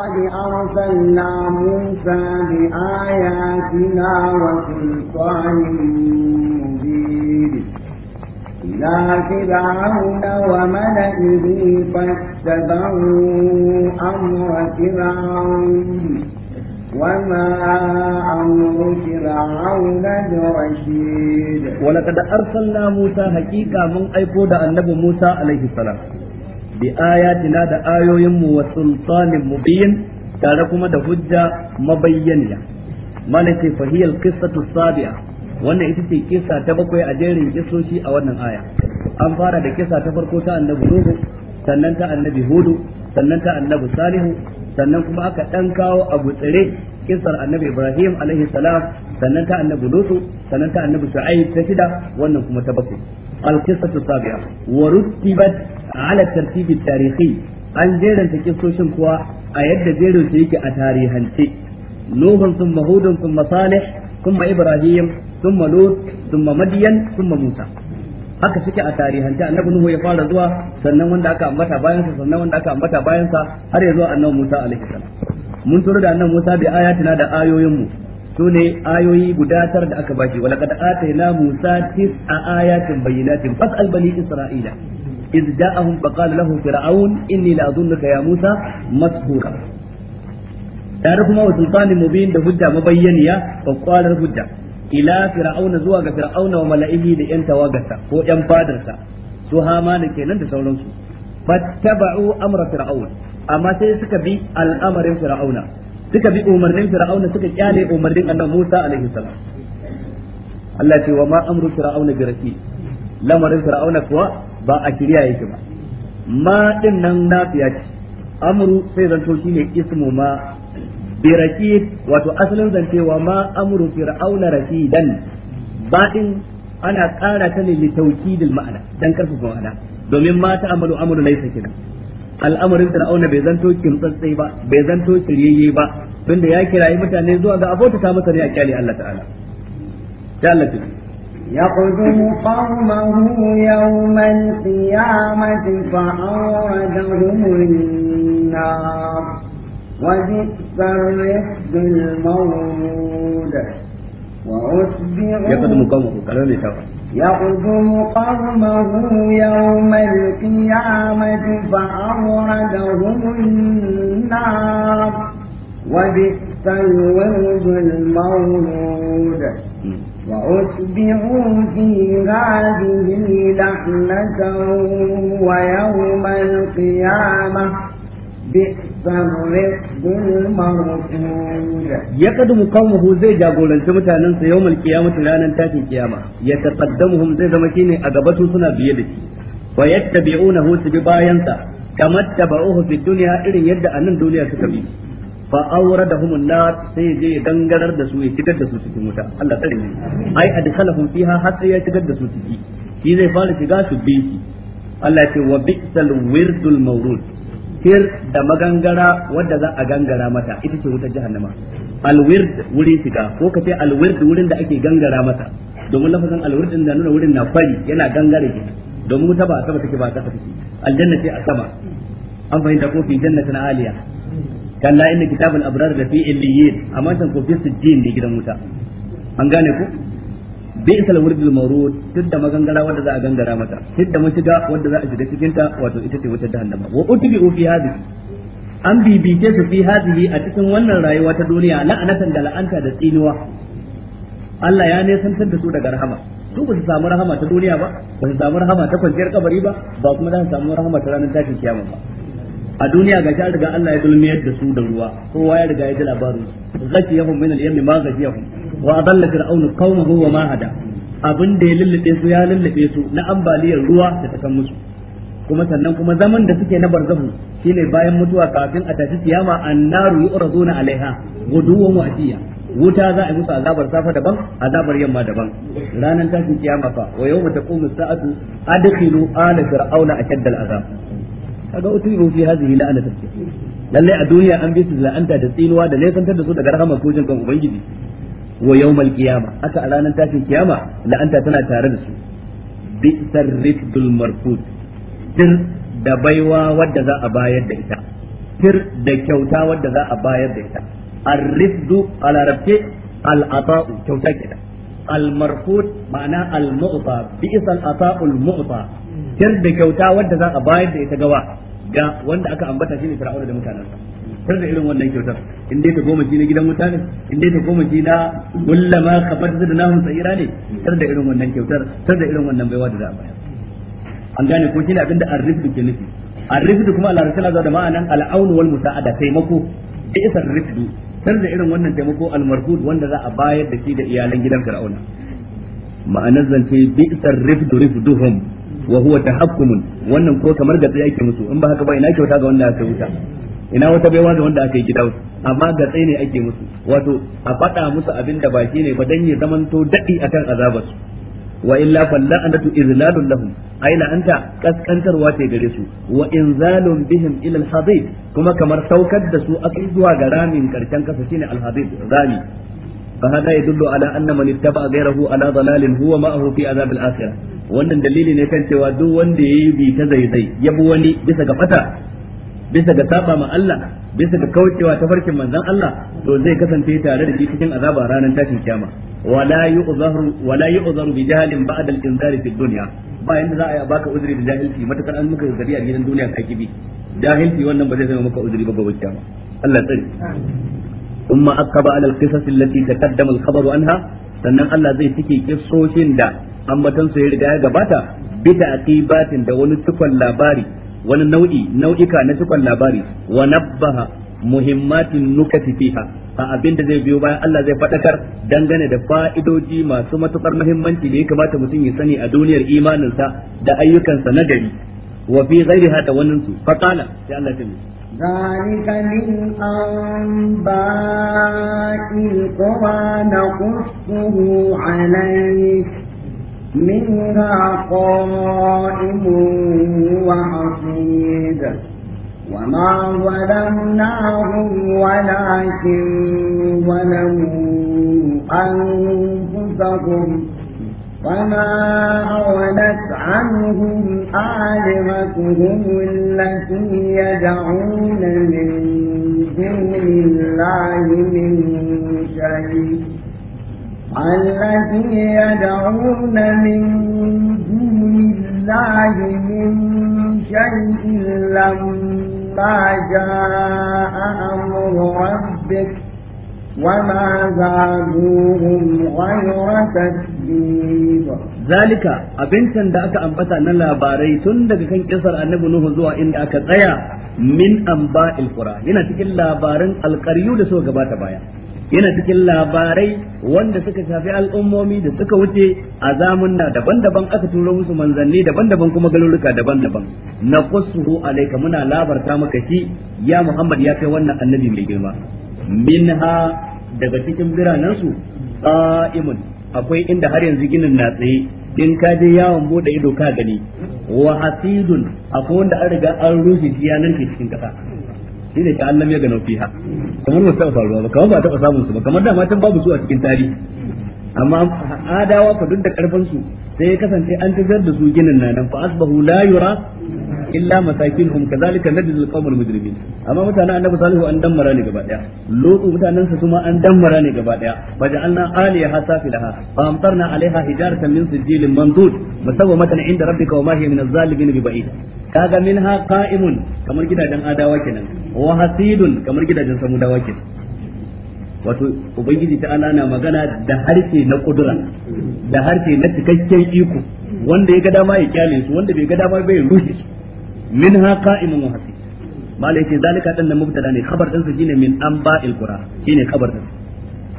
قد أرسلنا موسى بآياتنا وسلطان مبين إلى فرعون وملئه فاتبعوا أمر فرعون وما أمر فرعون برشيد ولقد أرسلنا موسى حقيقة من أيقود النبي موسى عليه السلام bi ayatina da ayoyin mu wa sultanin mubin tare kuma da hujja mabayyaniya malaka fahiyal qissatu sabi'a wannan ita ce kisa ta bakwai a jerin kisoshi a wannan aya an fara da kisa ta farko ta annabi nuhu sannan ta annabi hudu sannan ta annabi salihu sannan kuma aka dan kawo a tsire kisar annabi ibrahim alaihi salam sannan ta annabi lutu sannan ta annabi shu'aib ta shida wannan kuma ta bakwai القصة السابعة ورتبت على الترتيب التاريخي an jeranta kisoshin kuwa a yadda jerin su yake a tarihance nuhun sun ثم sun ثم sun ibrahim sun lut sun madiyan sun musa haka suke a tarihance annabi nuhu ya fara zuwa sannan wanda aka ambata bayan sa sannan wanda aka ambata bayan sa har ya zuwa annabi musa alaihi salam mun turo da annabi musa bi ayatina da ayoyin mu sune ayoyi guda tar da aka bashi wala kad ila musa a ayatin bayyinatin fas bani isra'ila iz ja'ahum qala lahu fir'aun inni la adunnuka ya musa mashhura tare kuma wa sultani mubin da hujja mabayyaniya wa qala hujja ila fir'auna zuwa ga fir'auna wa mala'ihi da yan tawagarsa ko yan fadarsa su hama ne kenan da sauransu fattaba'u amra fir'aun amma sai suka bi al'amarin fir'auna suka bi umarnin fir'auna suka kyale umarnin annabi Musa alaihi salam Allah ce wa ma amru fir'auna bi rafi lamarin fir'auna kuwa ba a kiriya yake ba ma din nan na fiya ce amru sai zanto shine ismu ma bi rafi wato asalin wa ma amru fir'auna dan ba din ana ƙara ta ne li tawkidil ma'ana dan karfafa ma'ana domin ma ta amalu amru laysa kidan al'amarin fir'auna bai zanto kimtsatsai ba bai zanto shiryayye ba tunda ya kirayi mutane zuwa ga abota ta masa ne a kyali Allah ta'ala ya Allah ta يقدم قومه يوم القيامة فأوردهم النار وبئس الرفد المورود وأتبعوا يقدم قومه كلام يتوقع يقدم قومه يوم القيامة فأوردهم النار وبئس الورد المورود وأتبعوا في هذه لعنة ويوم القيامة بئس ya kadumu qaumahu zai jagoranci mutanen sa ya mutu ranan tashin kiyama ya taqaddamuhum zai zama shine a gabatu suna biye da shi wa yattabi'unahu su bi bayansa sa kamar tabauhu fi dunya irin yadda a nan duniya suka bi fa awradahum an-nar sai je dangarar da su ya shigar da su cikin wuta Allah tsare ni ai adkhalahum fiha har ya shigar da su ciki shi zai fara shiga su bi shi Allah ya ce wa bi'sal wirdul mawrud fir da magangara wadda za a gangara mata ita ce wutar jahannama alwird wuri shiga ko ka ce alwird wurin da ake gangara mata domin lafazin alwird din da nuna wurin na fari yana gangare ki domin wuta ba a sama take ba ta kasa aljanna ce a sama an fahimta ko fi na aliya kalla inna kitabul abrar da fi illiyin amma san ko fi sijjin ne gidan wuta an gane ku bi isal wurdul mawrud duk da magangara wanda za a gangara mata duk da mashiga wanda za a shiga cikin wato ita ce wutar jahannama wa utibi fi hadhihi an bibice su fi hadhihi a cikin wannan rayuwa ta duniya la'anatan da la'anta da tsinuwa Allah ya nesantar da su daga rahama su ba su samu rahama ta duniya ba ba su samu rahama ta kwanciyar kabari ba ba kuma za su samu rahama ta ranar tashin kiyama ba a duniya ga an riga Allah ya dulmiyar da su da ruwa kowa ya riga ya ji labarin su zaki yahum min al-yammi ma gajiyahum wa adalla fir'aun qaumahu wa ma hada abin da ya lullube su ya lullube su na ambaliyar ruwa da ta kan musu kuma sannan kuma zaman da suke na barzahu shine bayan mutuwa kafin a tafi kiyama annaru yu'raduna alaiha guduwan wa atiya wuta za a yi musu azabar safa daban azabar yamma daban ranar tashin kiyama fa wa yawma taqumu sa'atu adkhilu ala fir'auna ashaddal azab kaga utubu fi hadhihi la'anatu lalle a duniya an bi su la'anta da tsinuwa da nesantar da su daga rahama kujin kan ubangiji wa yawmal qiyama haka a ranar tashin kiyama la'anta tana tare da su bi'sar rifdul marfud tir da baiwa wadda za a bayar da ita tir da kyauta wadda za a bayar da ita ar-rifdu a larabce al-ata'u kyauta kenan al-marfud ma'ana al-mu'ta bi'sal ata'ul mu'ta tir da kyauta wadda za a bayar da ita gawa ga wanda aka ambata shine fir'auna da mutanansa tar da irin wannan kyautar in dai ta goma ji na gidan wuta ne in dai ta goma ji na kullama kafar da nahum sa'ira ne tar da irin wannan kyautar tar da irin wannan baiwa da za a an gane ko shine abinda arrifdu ke nufi arrifdu kuma larabci na da ma'anan al'aunu wal musa'ada taimako da isa du tar da irin wannan taimako almarhud wanda za a bayar da shi da iyalan gidan fir'auna ma'anar zance bi isa arrifdu rifduhum wa huwa tahakkumun wannan ko kamar da tsaye musu in ba haka ba ina kyauta ga wanda ya wuta ina wata baiwa da wanda aka yi gida amma ga tsaye ne ake musu wato a faɗa musu abin da baki ne ba dan ya zamanto daɗi akan azabarsu wa illa falla'anatu izlalun lahum ai la'anta kaskantarwa ce gare su wa inzalun bihim ila al kuma kamar saukar da su akai zuwa ga ramin karshen kasa shine al rami فهذا يدل على ان من اتبع غيره على ضلال هو معه في عذاب الاخره wannan dalili ne kan cewa duk wanda ya yi ta zaizai ya bi wani bisa ga fata bisa ga saba ma Allah bisa ga kaucewa ta farkin manzon Allah to zai kasance tare da shi cikin azaba ranar tashin kiyama wala yu'zaru wala yu'zaru bi jahlin ba'da al-inzari fi dunya ba yanda za a yi baka uzuri da jahilci matakar an muka gari a gidan duniya ka kibi jahilci wannan ba zai zama maka uzuri ba gobe kiyama Allah tsare ثم أقب على القصص التي تقدم الخبر anha sannan Allah zai cike kissoshin da ambatan su ya riga ya gabata bi da aqibatin da wani cikon labari wani nau'i nau'ika na cikon labari wa nabbaha muhimmatin nukati fiha a abin da zai biyo bayan Allah zai faɗakar dangane da fa'idoji masu matuƙar muhimmanci da ya kamata mutum ya sani a duniyar imaninsa da ayyukansa na gari wa fi ghairiha da wannan su faqala sai Allah ya ذلك من أنباء القرى نقصه عليك منها قائم وحصيد وما ظلمناهم ولكن ظلموا أنفسهم وما أغنت عنهم آلهتهم التي يدعون من دون الله من شيء الذي يدعون من دون الله من شيء لما جاء أمر ربك وما زادوهم غير تسبيب ذلك أبنتن دعك أنبتا نلا باريتن دعك كان كسر النبي نوح زوا إن أكتايا من أنباء القرى هنا تكلا بارن القريو لسوى قبات بايا yana cikin labarai wanda suka shafi al'ummomi da suka wuce a zamunna daban-daban aka turo musu manzanni daban-daban kuma galuruka daban-daban na kusuru alaika muna labarta maka shi ya Muhammad ya kai wannan annabi mai girma minha daga cikin biranen su qa'imun akwai inda har yanzu ginin na tsaye din ka je yawon bude ido ka gani wa hasidun akwai wanda an riga an rushe shi ke cikin kasa shine ka allam ya ganau fiha kamar ba ta faruwa ba kamar ba ta samun su ba kamar da ma can babu su a cikin tarihi amma adawa fa duk da karfin su sai ya kasance an tafiyar da su ginin nan fa asbahu la yura illa masakinhum kadhalika najzi al-qawm amma mutanen annabi salihu an dammara ne gaba daya lutu mutanen su kuma an dammara ne gaba daya fa ja'alna aliyaha safilaha fa amtarna alaiha hijaratan min sijilin mandud musawwamatan inda rabbika wa ma hiya min az-zalimin bi kaga minha qa'imun kamar gidajen adawa kenan wa hasidun kamar gidajen samudawa kenan wato ubangiji ta ala na magana da harshe na kudura da harshe na cikakken iko wanda ya ga dama ya kyale su wanda bai ga dama bai rushe su min ha qa'imun wa hasib malai ce zalika dan nan mubtada ne khabar din sa shine min anba'il qura shine khabar din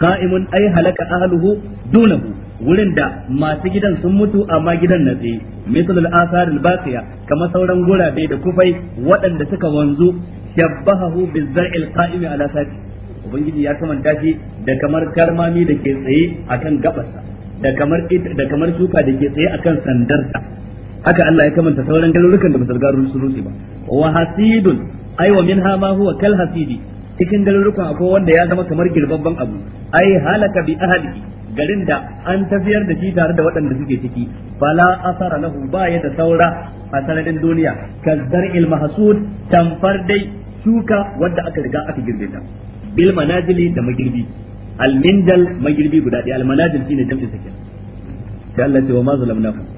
qa'imun ay halaka ahluhu dunahu wurin da masu gidan sun mutu amma gidan na tsaye misal al-asar al-baqiya kamar sauran gurabe da kufai waɗanda suka wanzu shabbahu bizar'il qa'imi ala sati ubangiji ya kamanta shi da kamar karmami da ke tsaye akan gabarsa da kamar da shuka da ke tsaye akan sandarsa haka Allah ya kamanta sauran galurukan da basar garun su ba wa hasidun ai wa ma huwa kal hasidi cikin galurukan akwai wanda ya zama kamar girbabban abu ai halaka bi ahadihi garin da an tafiyar da shi tare da waɗanda suke ciki fala asara lahu ba ya da saura a sanadin duniya kazzar ilmahasud tamfar dai shuka wadda aka riga aka girbe ta bil manajili da magirbi al mindal magirbi guda ɗaya al manajil shine jam'in sakin da Allah ce wa ma zalamnakum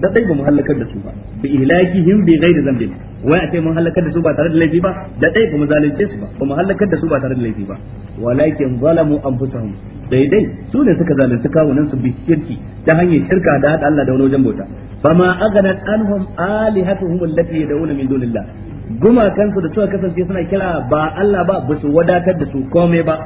da dai ba mu halakar da su ba bi ilahihim bi ghairi zambin wai a ce mun halakar da su ba tare da laifi ba da dai ba mu zalunce su ba ba mu halakar da su ba tare da laifi ba walakin zalamu anfusahum daidai su ne suka zalunci kawunan su bi shirki ta hanyar shirka da hada Allah da wani wajen bauta fama aghanat anhum alihatuhum allati yad'una min dunillah gumakansu da suka kasance suna kira ba Allah ba ba su wadatar da su komai ba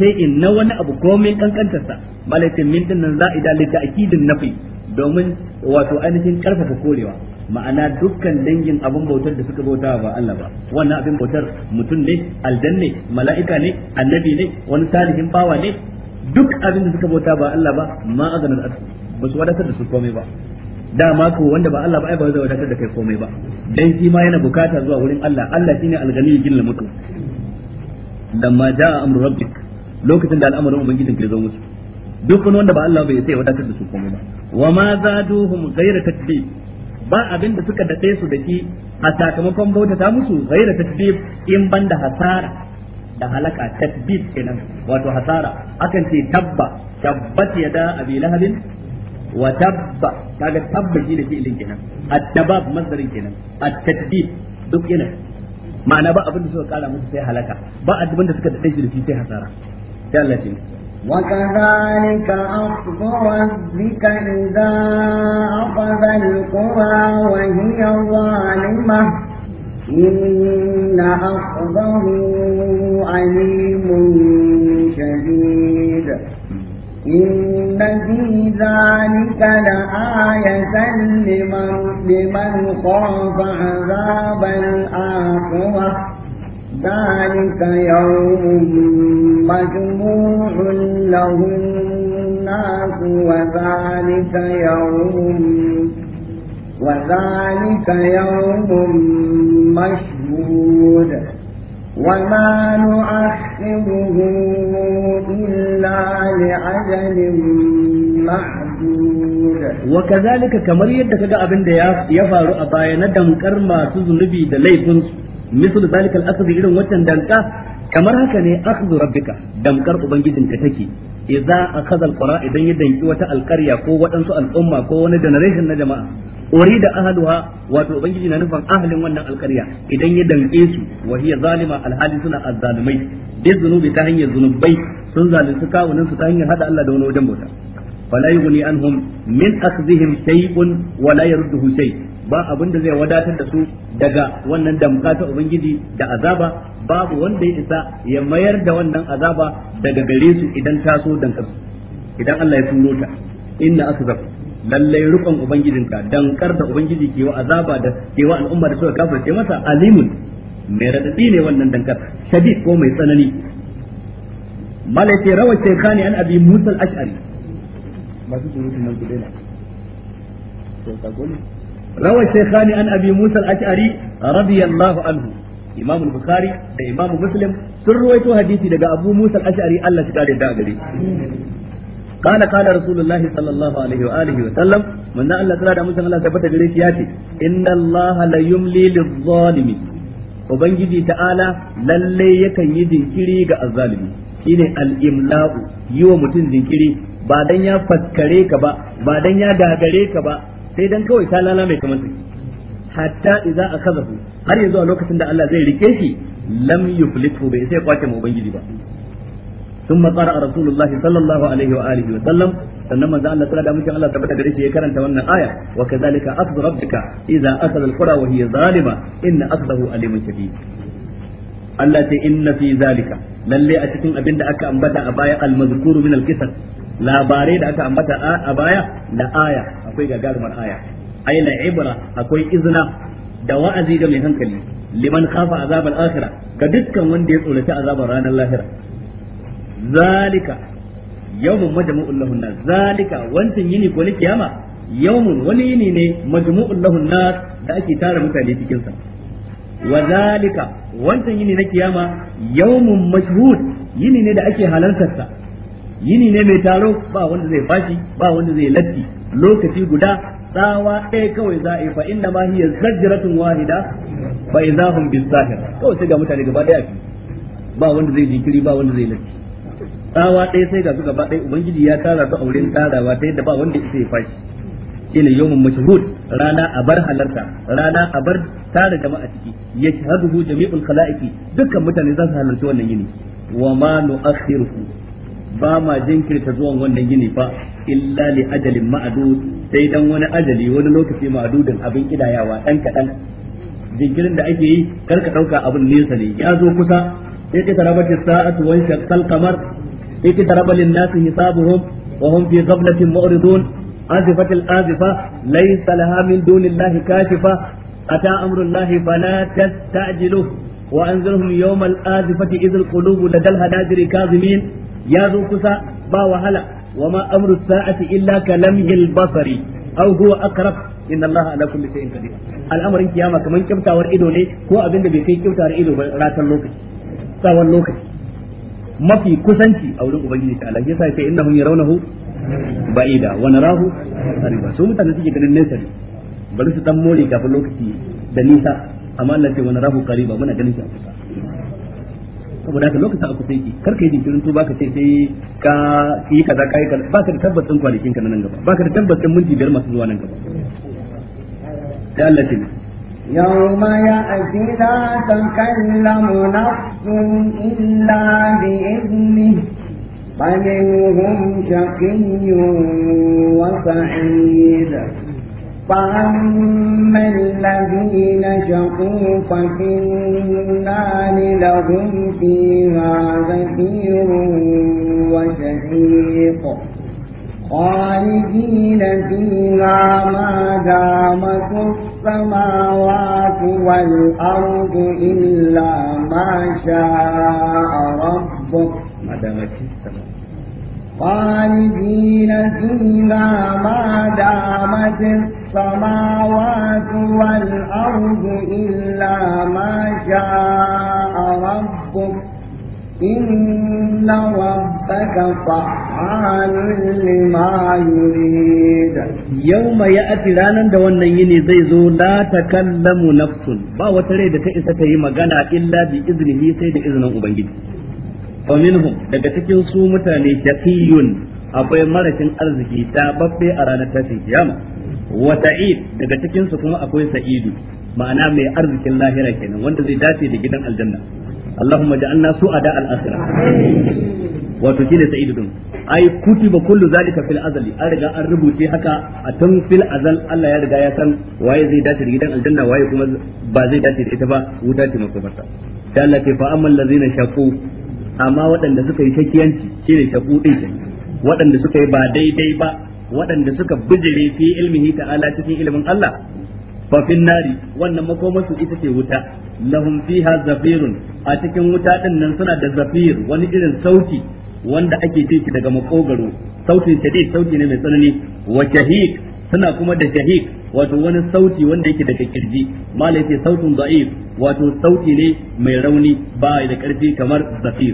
sai in na wani abu komai kankantarsa malakin min dinnan za'ida lita akidin nafi domin wato ainihin karfafa korewa ma'ana dukkan dangin abin bautar da suka bauta ba Allah ba wannan abin bautar mutum ne aljan ne mala'ika ne annabi ne wani salihin bawa ne duk abin da suka bauta ba Allah ba ma azanar asu ba su wadatar da su komai ba dama ko wanda ba Allah ba ai ba zai wadatar da kai komai ba dan shi ma yana bukata zuwa wurin Allah Allah shine algani gil mutum ma jaa amru rabbik lokacin da al'amarin ubangijin ka zo musu duk wani wanda ba Allah bai sai wadatar da su komai ba wa ma zaduhum ghayra takdib ba abin da suka dace su da shi a sakamakon bauta ta musu ghayra takdib in banda hasara da halaka takdib kenan wato hasara akan ce tabba tabbat yada abi lahabin wa tabba kaga tabba shi da fi'ilin kenan at-tabab masdarin kenan at-tadbib duk yana ma'ana ba abin da suka kara musu sai halaka ba abin da suka dace shi da shi sai hasara sai Allah ya وكذلك أخذ ربك إذا أخذ القرى وهي ظالمة إن أخذه أليم شديد إن في ذلك لآية لمن, لمن خاف عذاب الآخرة ذلك يوم مجموع له الناس وذلك يوم وذلك يوم مشهود وما نؤخره إلا لعجل معدود وكذلك كمريد كذا أبن يفعل أبايا ندم كرما تزنبي دليفنسو misal zalika al-asr irin wancan danka kamar haka ne akhdhu rabbika damkar ubangijinka take za akhadha al-qura idan ya danki wata alqarya ko waɗansu al'umma ko wani generation na jama'a urida ahluha wato ubangiji na nufin ahalin wannan alqarya idan ya danke su wa hiya zalima alhali suna azalumai, bi zunubi ta hanyar zunubai sun zalunci kawunan su ta hanyar hada Allah da wani wajen bauta fala yughni anhum min akhdhihim shay'un wa la yarduhu shay' ba abin da zai wadatar da su daga wannan damka ta ubangiji da azaba babu wanda ya isa ya mayar da wannan azaba daga gare su idan ta so dankar idan Allah ya turo ta inna akzab lallai rukun ubangijinka dankar da ubangiji ke wa azaba da ke wa al'umma da suka ce masa alimun mai radadi ne wannan dankar shadid ko mai tsanani malaike rawa shaykhani an abi musa al-ash'ari masu surutun nan ku daina to ka gole روى الشيخان عن أبي موسى الأشعري رضي الله عنه إمام البخاري ده إمام مسلم سرويت حديثي لقى أبو موسى الأشعري الله تقال الداغري قال قال رسول الله صلى الله عليه وآله وسلم من ذا الله تعالى موسى الله ثبت جريت ياتي إن الله لا يملي للظالم وبنجي تعالى للي يكن يدين كري الظالم shine al-imla'u yi wa mutum jinkiri ba dan ya faskare ka ba ba dan ya gagare ka ba sai dan kawai ta lala mai kamar take hatta idza akhadahu har yanzu a lokacin da Allah zai rike shi lam yuflitu bai sai kwace mu ubangiji ba ثم قرأ رسول الله صلى الله عليه وآله وسلم sannan manzo Allah sallallahu alaihi wasallam Allah tabbata gare shi ya karanta wannan aya wa kadhalika akhdhu rabbika idza akhadha al-qura wa hiya zalima inna akhdahu alimun shadid Allah ta inna fi zalika lalle a cikin abin da aka ambata a baya al-mazkuru min labarai da aka ambata a baya na aya akwai gagarumar aya aina ibra akwai izna da wa'azi ga mai hankali liman khafa azab al-akhirah ga dukkan wanda ya tsorata azabar ranar lahira zalika yawmun majmu'un lahun nas zalika wancan yini ko ne kiyama yawmun wani yini ne majmu'un lahun nas da ake tara mutane cikin sa wa zalika wancan yini na kiyama yawmun mashhud yini ne da ake halartar yini ne mai taro ba wanda zai fashi ba wanda zai latti lokaci guda tsawa ɗaya kawai za a yi fa inda ma hiya zajratun wahida fa idahum bisahir kawai sai ga mutane gaba ɗaya ba wanda zai jinkiri ba wanda zai lafi tsawa ɗaya sai ga su gaba ɗaya ubangiji ya tara su auren tarawa ta yadda ba wanda ya fashi shine yawmun mashhud rana a bar halarta rana a bar tare jama'a ciki yashhaduhu jami'ul khalaiqi dukkan mutane za su halarci wannan yini wa ma nu'akhiruhu ba ma jinkirta zuwan wannan gini fa illa li ajalin ma'adud sai dan wani ajali wani lokaci ma'adudin abin kidayawa dan kadan jinkirin da ake yi kar ka dauka abin nesa ne ya zo kusa sai ka da sa'atu wa shaqqal qamar sai ka tarabal lin-nasi hisabuhum wa hum fi ghaflatin mu'ridun azifatil azifa laysa laha min dunillahi kashifa ata amrullahi fala tastajiluhu وأنزلهم يوم الآزفة إذ ya zo kusa ba wahala wa ma amru sa'ati illa kalamhil basari aw huwa aqrab inna allaha ala kulli shay'in qadir al'amarin kiyama kaman kyautawar ido ne ko abinda bai kai kyautawar ido ba ratan lokaci tsawon lokaci mafi kusanci a wurin ubangiji ta Allah yasa sai innahum yarawnahu ba'ida wa narahu qariba so mutane suke ganin nesa ne bari su dan more kafin lokaci da nisa amma Allah ce wa narahu qariba muna ganin shi a kusa saboda haka lokacin a sai ki kar ka yi jinkirin tuba ka ce sai ka yi kaza yi kaza ba ka da tabbacin kwanakin ka nan gaba ba ka da tabbacin minti biyar masu zuwa nan gaba ya Allah ce يوم يأتي لا تكلم نفس إلا بإذنه فمنهم شقي وسعيد فأما الذين شقوا ففي النار لهم فيها زفير وشهيق خالدين فيها ما دامت السماوات والأرض إلا ما شاء ربك ما دامت السماوات خالدين فيها ما دامت السماوات السماوات والأرض إلا ما شاء ربك إن ربك فعال لما يريد يوم يأتي رانا دوانا يني زيزو لا تكلم نفس با وتريد تئسة يمغانا إلا بإذنه سيد إذن أبنجد فمنهم daga تكي su mutane shaqiyun akwai marashin arziki ta babbe a ranar wa sa'id daga cikin su kuma akwai sa'idu ma'ana mai arzikin lahira kenan wanda zai dace da gidan aljanna Allahumma ja'alna su'ada al-akhirah wato shine sa'idu din ai kutiba kullu zalika fil azali an riga an rubuce haka a tun fil azal Allah ya riga ya san waye zai dace da gidan aljanna waye kuma ba zai dace da ita ba wuta ce makomarta da Allah ke fa amman lazina shaqu amma waɗanda suka yi shakiyanci shine shaqu din waɗanda suka yi ba daidai ba waɗanda suka bijire fi ilmihi ta'ala cikin ilimin Allah fa fin nari wannan makomarsu ita ce wuta lahum fiha zafirun a cikin wuta din nan suna da zafir wani irin sauti wanda ake ciki daga makogaro sautin dai sauti ne mai tsanani wa shahik suna kuma da shahik wato wani sauti wanda yake daga kirji malai ce sautin da'if wato sauti ne mai rauni ba da karfi kamar zafir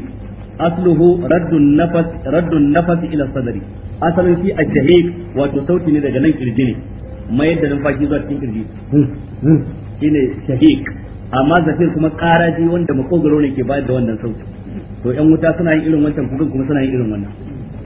asluhu raddun nafas raddun nafas ila sadri asalin shi ajhalik wato sauti ne daga nan kirji ne mai yadda numfashi zuwa cikin kirji hmm, hmm. shine shahik amma zafin kuma karaji wanda makogaro ne ke bayar da wannan sauti to yan wuta suna yin irin wancan kuma kuma suna yin irin wannan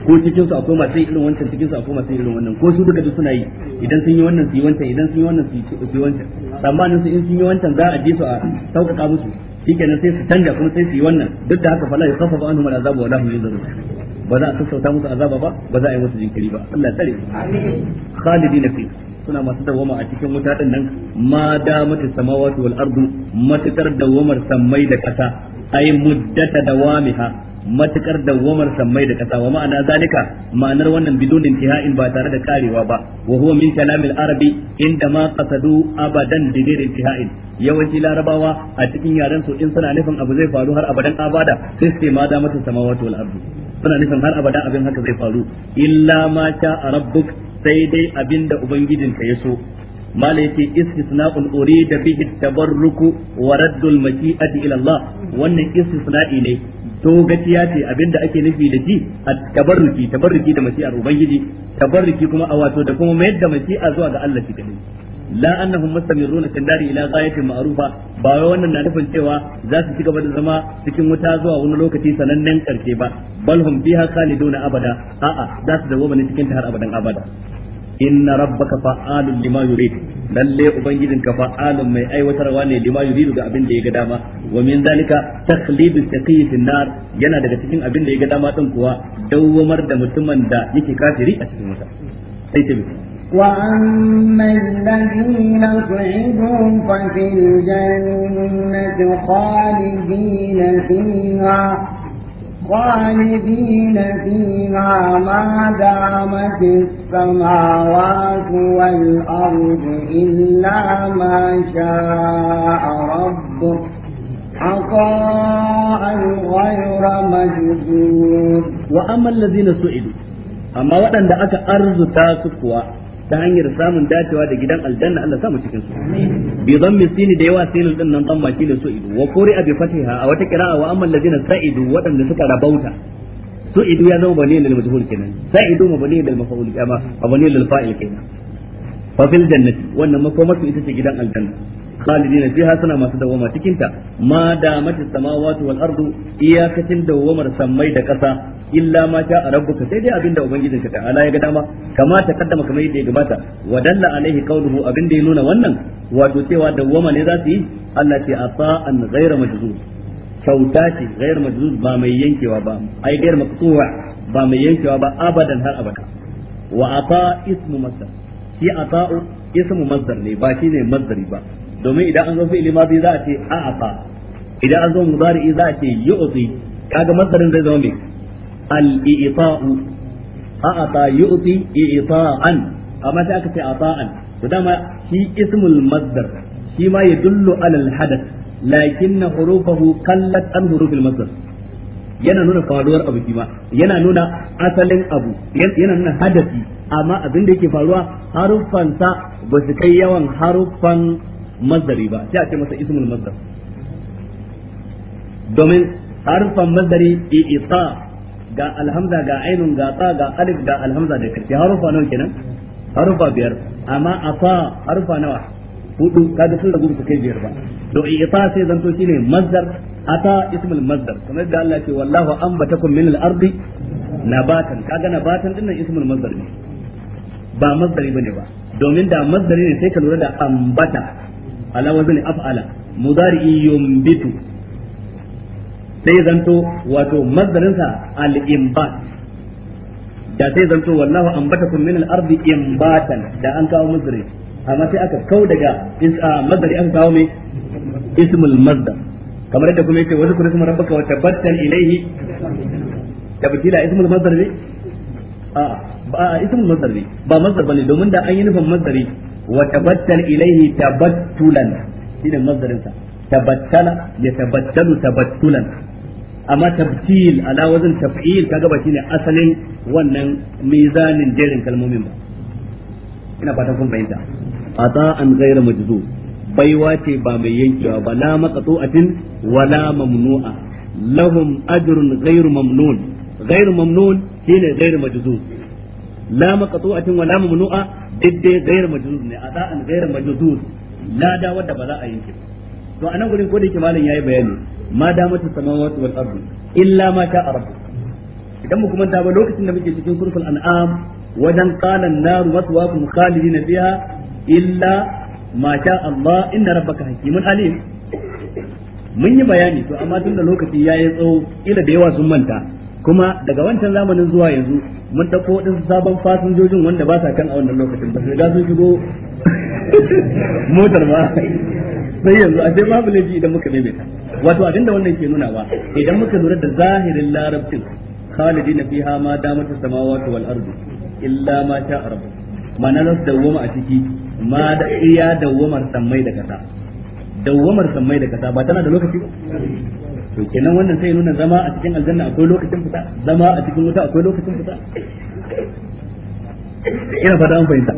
ko cikin su akwai masu irin wancan cikin su akwai masu irin wannan ko su duka duk suna yi idan sun yi wannan su yi wancan idan sun yi wannan su yi wancan tsammanin su in sun yi wancan za a je su a sauƙaƙa musu shikenan sai su canja kuma sai su yi wannan duk da haka fala yukhaffafu anhum al'azab wa lahum yunzarun ba za a sassauta musu azaba ba ba za a yi musu jinkiri ba Allah ya tsare khalidina fi suna masu dawwama a cikin wuta din nan ma da mutu samawati wal ardu matakar dawwamar sammai da kasa ay muddata dawamiha matukar dawwamar sammai da kasa wa ma'ana zalika ma'anar wannan bidun intiha'in ba tare da karewa ba wa huwa min kalamil arabi inda ma qasadu abadan bi intiha'in yawanci larabawa a cikin yaren su in suna nufin abu zai faru har abadan abada sai su ma da mata samawati wal ardu suna nufin har abada abin haka zai faru illa ma sha rabbuk sai dai abinda ubangijinka ya so mala yace istisna'un urida bihi tabarruku wa raddul mashi'ati ila Allah wannan istisna'i ne togaciya ce abinda ake nufi da ji a tabarruki tabarruki da mashi'ar ubangiji tabarruki kuma a wato da kuma mayar da masi'a zuwa ga Allah shi kadai la annahum mustamirruna fi dari ila ghayatin ma'rufa ba wai wannan na nufin cewa za su ci gaba da zama cikin wuta zuwa wani lokaci sanannen karshe ba bal hum fiha khaliduna abada a'a za su dawo ne cikin ta har abadan abada inna rabbaka fa'alun lima yurid lalle ubangijin ka fa'alun mai aiwatarwa ne lima yurid ga abin da ya ga dama wa min zalika takhlibu taqiyyi fi nar yana daga cikin abin da ya ga dama din kuwa dawwamar da mutumin da yake kafiri a cikin wuta sai ta وأما الذين سعدوا ففي الجنة خالدين فيها خالدين فيها ما دامت السماوات والأرض إلا ما شاء ربك عطاء غير مجدود وأما الذين سئلوا أما وأن أتى أرزتا سكوى ta hanyar samun dacewa da gidan aljanna Allah samu cikin su bi dhammi sini da yawa sinul din nan dhamma baki ne su idu wa quri'a bi fatiha a wata qira'a wa amma alladhina sa'idu wadanda suka rabauta su idu ya zama bani lil majhul kenan sa'idu ma mabani lil maf'ul kama mabani lil fa'il kenan fa fil jannati wannan makomar ita ce gidan aljanna khalidina fiha suna masu dawama cikin ta ma damatis samawati wal ardu iyakatin dawamar sammai da kasa illa ma a rabbuka sai dai abinda ubangijinka ta'ala ya ga dama kama kaddama kamar yadda ya gabata wa dalla alaihi qawluhu abinda ya nuna wannan wato cewa dawama ne za su yi Allah ce ata'an kyauta ba mai yankewa ba ai ghayr maqtu'a ba mai yankewa ba abadan har abada wa ismu masdar shi ata'u ismu masdar ne ba ne masdari ba domin idan an zo fi'ili madi za a ce a'ata idan an zo mudari'i za a ce yu'ti kaga masarin zai zama me al-i'ta'u a'ata yu'ti i'ta'an amma sai aka ce ata'an to dama shi ismul masdar shi ma yadullu alal hadath lakinna hurufahu qallat an hurufil masdar yana nuna faruwar abu shi ma yana nuna asalin abu yana nuna hadasi amma abin da yake faruwa haruffansa ba su kai yawan haruffan mazdari ba sai a ce masa ismul mazdar domin harfan mazdari i'ta ga alhamza ga ainun ga ta ga alif ga alhamza da karshe harufa nawa kenan harufa biyar amma afa harufa nawa hudu kaga sun ragu su kai biyar ba to i'ta sai zanto shine mazdar ata ismul mazdar kamar da Allah ya ce wallahu ambatakum min al-ardi nabatan kaga nabatan dinnan ismul mazdar ne ba mazdari bane ba domin da mazdari ne sai ka lura da ambata ala wazni af'ala mudari yumbitu sai zanto wato mazdarin sa al imbat da sai zanto wallahu ambatakum min al ardi imbatan da an kawo mazari amma sai aka ah, kawo daga isa mazari an kawo mai ismul mazdar kamar yadda kuma yake wasu kurisma rabbaka wa tabattal ilaihi tabtila ismul mazdar ne a'a ba ismul masdar ne ba masdar bane domin da an yi nufin masdari wa tabattal ilaihi tabattulan shine masdarin sa tabattala ya tabattalu tabattulan amma tabtil ala wazin taf'il kaga ba shine asalin wannan mizanin jerin kalmomin ba ina fatan kun fahimta an ghayra majzuz baiwa ce ba mai yankewa ba la maqtu'atin wala mamnu'a lahum ajrun ghayru mamnun ghayru mamnun shine ghayru majzuz la maqtu'atin wa la mamnu'a didde ghayr majzuz ne ada'an ghayr majzuz la da ba za a yanke to anan gurin ko da yake malam yayi bayani ma da damatu samawati wal ardi illa ma sha'a rabbuk idan mu kuma ba lokacin da muke cikin surful an'am wajen qala an-naru maswaakum khalidina fiha illa ma sha'a Allah inna rabbaka hakimun alim mun yi bayani to amma tun da lokaci yayi tsawo ila da yawa sun manta kuma daga wancan zamanin zuwa yanzu mun dauko wadansu sabon fasinjojin wanda ba sa kan a wannan lokacin ba sai ga sun shigo motar ba sai yanzu a sai babu laifi idan muka ta wato abinda wannan ke nuna ba idan muka lura da zahirin larabcin khalidina fiha ma as samawati wal ardi illa ma sha rabbuk mana za dawwama a ciki ma da iya dawwamar sammai da kasa dawwamar sammai da kasa ba tana da lokaci ba to kenan wannan sai nuna zama a cikin aljanna akwai lokacin fita zama a cikin wuta akwai lokacin fita ina fata an fahimta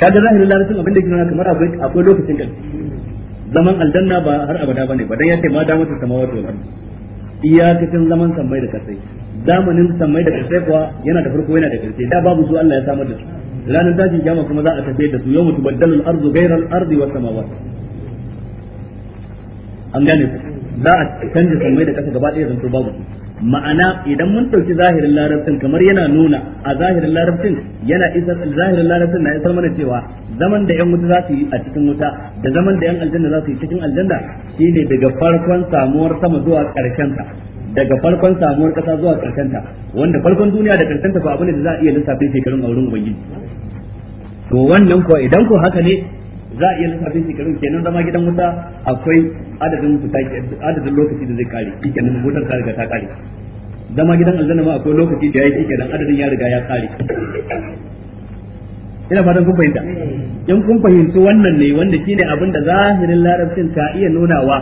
kaga zahirin larabcin abin da ke nuna kamar akwai akwai lokacin kan zaman aljanna ba har abada bane ba dan ya ce ma da samawa to wal Iya cikin zaman sammai da kasai zamanin sammai da kasai kuwa yana da farko yana da karshe da babu su Allah ya samar da su ranar tashin kiyama kuma za a tafi da su Yau mutubaddalul ardu ghayra al-ardi was samawati an gane ku za a canza sammai da kasa gaba ɗaya turba babu ma'ana idan mun ɗauki zahirin larabcin kamar yana nuna a zahirin larabcin yana isa zahirin larabcin na isar mana cewa zaman da yan wuta za su yi a cikin wuta da zaman da yan aljanna za su yi cikin aljanna shine daga farkon samuwar sama zuwa ƙarshen ta daga farkon samuwar ƙasa zuwa ƙarshen ta wanda farkon duniya da ƙarshen ta ba abin da za a iya lissafin shekarun auren ubangiji to wannan ko idan ko haka ne za a iya lissafin shekarun kenan zama gidan wuta akwai adadin adadin lokaci da zai kare kenan wutar ta riga ta kare zama gidan aljanna ma akwai lokaci da yayi kenan adadin ya riga ya kare ina fatan kun fahimta in kun fahimci wannan ne wanda shine abin da zahirin larabcin ka iya nunawa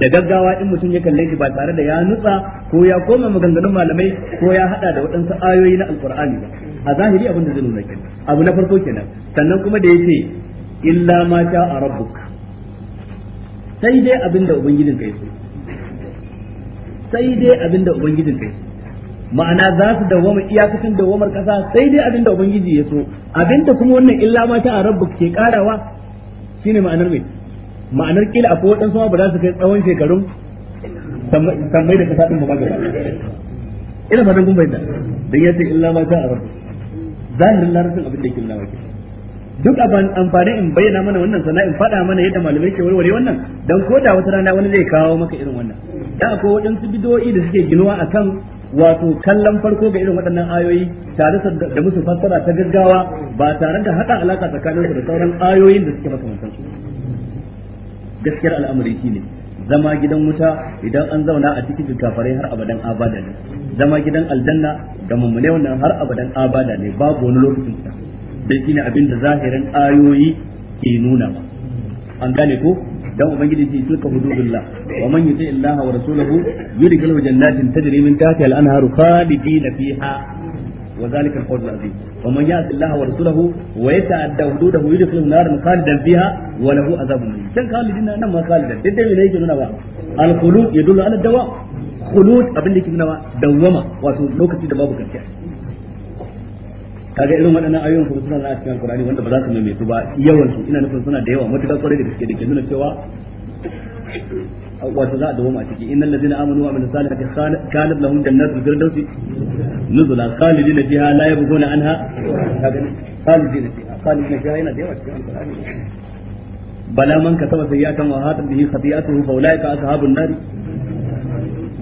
da gaggawa in mutum ya kalle shi ba tare da ya nutsa ko ya koma maganganun malamai ko ya hada da waɗansu ayoyi na alkur'ani ba a zahiri abin da zai nuna kenan abu na farko kenan sannan kuma da yake illa ma sha a rabbuk sai dai abinda ubangijin kai so sai dai da ubangijin kai ma'ana za su dawoma iyakacin dawamar kasa sai dai abinda ubangiji ya so abinda kuma wannan illa ma sha a rabbuk ke karawa shine ma'anar mai ma'anar kila akwai waɗansu ma ba za su kai tsawon shekarun tambayi da kasa din ba gaba ina fadin kun da dan yace illa ma sha a rabbuk zahirin larabcin abin da yake nuna wa kenan duk amfani in bayyana mana wannan sana in faɗa mana yadda malamai ke warware wannan dan ko da wata rana wani zai kawo maka irin wannan dan akwai waɗansu bidoyi da suke ginuwa akan wato kallon farko ga irin waɗannan ayoyi tare da musu fassara ta gaggawa ba tare da haɗa alaka su da sauran ayoyin da suke maka su gaskiyar al'amari shine zama gidan wuta idan an zauna a cikin kafarai har abadan abada ne zama gidan aljanna da mummune wannan har abadan abada ne babu wani lokacin dan shine abin da zahirin ayoyi ke nuna ba an gane ko dan ubangiji ce tilka hududullah wa man yuti illaha wa rasulahu yudkhil jannatin tajri min tahtiha al-anharu khalidina fiha wa zalika al-fawz azim wa man ya'ti illaha wa rasulahu wa yata'adda hududahu yudkhil khalidan fiha wa lahu dan nan ma khalidan dai ne yake nuna ba al-khulud yadullu ala dawa khulud abin da yake nuna dawama wato lokaci da babu karshe kaga irin waɗannan ayoyin kuma suna a cikin Qur'ani wanda ba za su maimaitu ba yawan su ina nufin suna da yawa matuƙa kwarai da gaske da ke nuna cewa wato za a dawo a ciki innal ladina amanu wa amilus salihati kanat lahum jannatul firdausi nuzula khalidina fiha la yabghuna anha khalidina khalidina fiha yana da yawa cikin Qur'ani bala man kasaba sayyatan wa hatat bihi khati'atuhu fa ulaika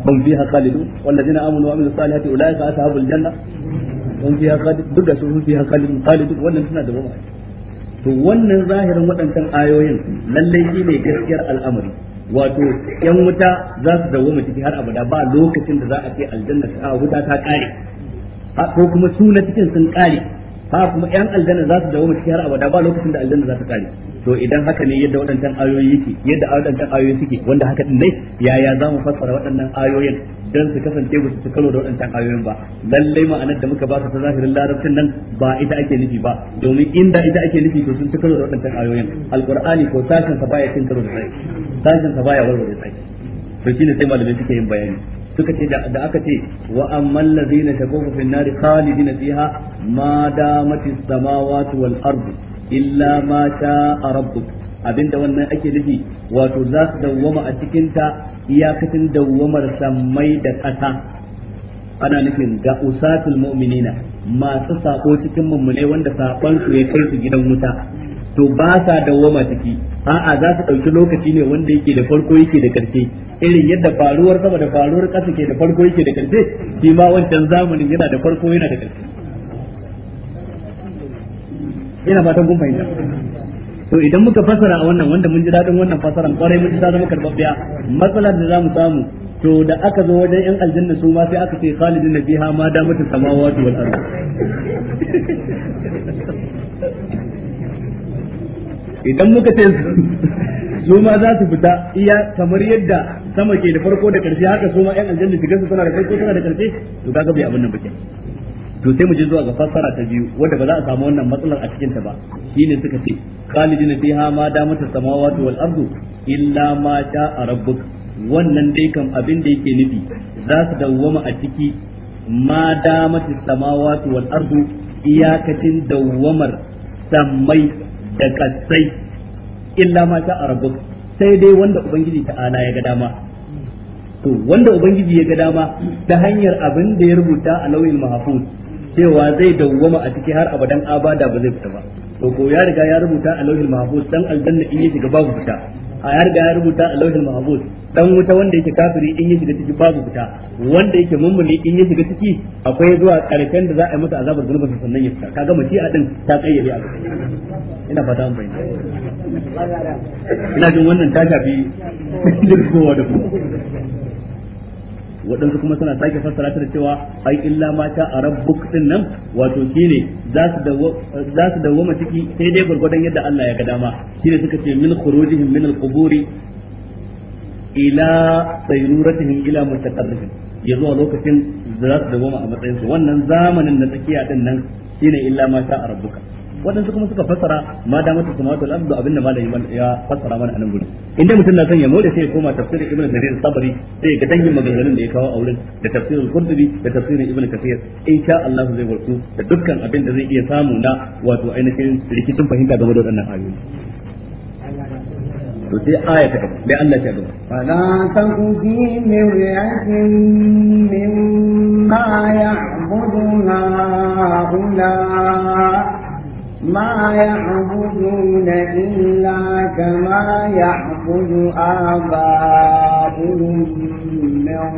هم فيها خالدون والذين امنوا وعملوا الصالحات اولئك اصحاب الجنه khalid duk khalid khalid wannan suna da to wannan zahirin waɗancan ayoyin lalle shi ne gaskiyar al'amari wato yan wuta za su dawoma ciki har abada ba lokacin da za a ce aljanna ta wuta ta kare ko kuma su na cikin sun kare ba kuma yan aljanna za su dawoma ciki har abada ba lokacin da aljanna za ta kare to idan haka ne yadda waɗancan ayoyi yake yadda waɗancan ayoyi suke wanda haka din ne yaya za mu fassara waɗannan ayoyin dan su kasance ba su ci karo da waɗancan ayoyin ba lallai ma'anar da muka ba baka ta zahirin larabcin nan ba ita ake nufi ba domin inda ita ake nufi to sun ci karo da waɗancan ayoyin alqur'ani ko sashin sa baya cin karo da sai sashin sa baya warware sai to shine sai malamai suke yin bayani suka ce da aka ce wa ammal ladzina shaqu fi an-nari khalidina fiha ma damatis samawati wal ardu illa ma sha'a rabbuka abinda wannan ake nufi wato za su dawwama a cikin ta iyakacin dawwamar sammai da ƙasa ana nufin ga usatul mu'minina masu sako cikin mummune wanda sakon su ya kai su gidan wuta to ba sa dawwama ciki a'a za su ɗauki lokaci ne wanda yake da farko yake da ƙarshe irin yadda faruwar sama da faruwar ƙasa ke da farko yake da ƙarshe shi ma wancan zamanin yana da farko yana da ƙarshe ina fatan kun fahimta to idan muka fasara a wannan wanda mun ji dadin wannan fasaran kwarai mun ji ta zama karbabbiya matsalar da zamu samu to da aka zo wajen yan aljanna su ma sai aka ce khalidin nabiha, ma sama, samawati wal ardh idan muka ce su ma za su fita iya kamar yadda sama ke da farko da karshe haka su ma yan aljanna su su suna da farko suna da karshe to kaga bai abin nan ba kenan to sai mu je zuwa ga fassara ta biyu wanda ba za a samu wannan matsalar a cikin ta ba shine suka ce khalidin fiha ma damat as-samawati wal ardu illa ma sha'a rabbuk wannan dai kam abin da yake nufi za su dawwama a ciki ma damat as-samawati wal ardu iyakacin dawwamar sammai da kasai illa ma sha'a rabbuk sai dai wanda ubangiji ta'ala ya ga dama to wanda ubangiji ya ga dama ta hanyar abin da ya rubuta a lauyin mahfuz cewa zai dawwama a ciki har abadan abada ba zai fita ba to ko ya riga ya rubuta a lauhil mahfuz dan aljanna in ya shiga babu fita a ya riga ya rubuta a lauhil mahfuz dan wuta wanda yake kafiri in ya shiga ciki babu fita wanda yake mummuni in ya shiga ciki akwai zuwa karshen da za a yi masa azabar zulubin sannan ya fita kaga mace a din ta kayyade a ina fata mun fahimta ina jin wannan ta shafi duk kowa da kowa waɗansu kuma suna sake fassara ta da cewa ai illa mata a rabbuk din nan wato shine za su dawwama ciki sai dai gurgurdan yadda Allah ya ga dama shine suka ce min khurujihim min al ila sayruratihim ila mutaqarribin ya zuwa lokacin za su dawwama a matsayin su wannan zamanin na tsakiya din nan shine illa mata a rabbuka waɗansu kuma suka fassara ma da mata samawatul abdu abinda malami ya fassara mana anan guri inda mutum na son ya more sai ya koma tafsirin ibnu jarir sabari sai ga dangin maganganun da ya kawo a wurin da tafsirin qurtubi da tafsirin ibnu kathir insha Allah zai warku da dukkan abin da zai iya samu na wato ainihin rikicin fahimta game da waɗannan ayoyi to sai aya ta gaba dai Allah ta gaba fala taku fi min mimma ya'budu ha'ula ما يعبدون إلا كما يعبد آباؤهم من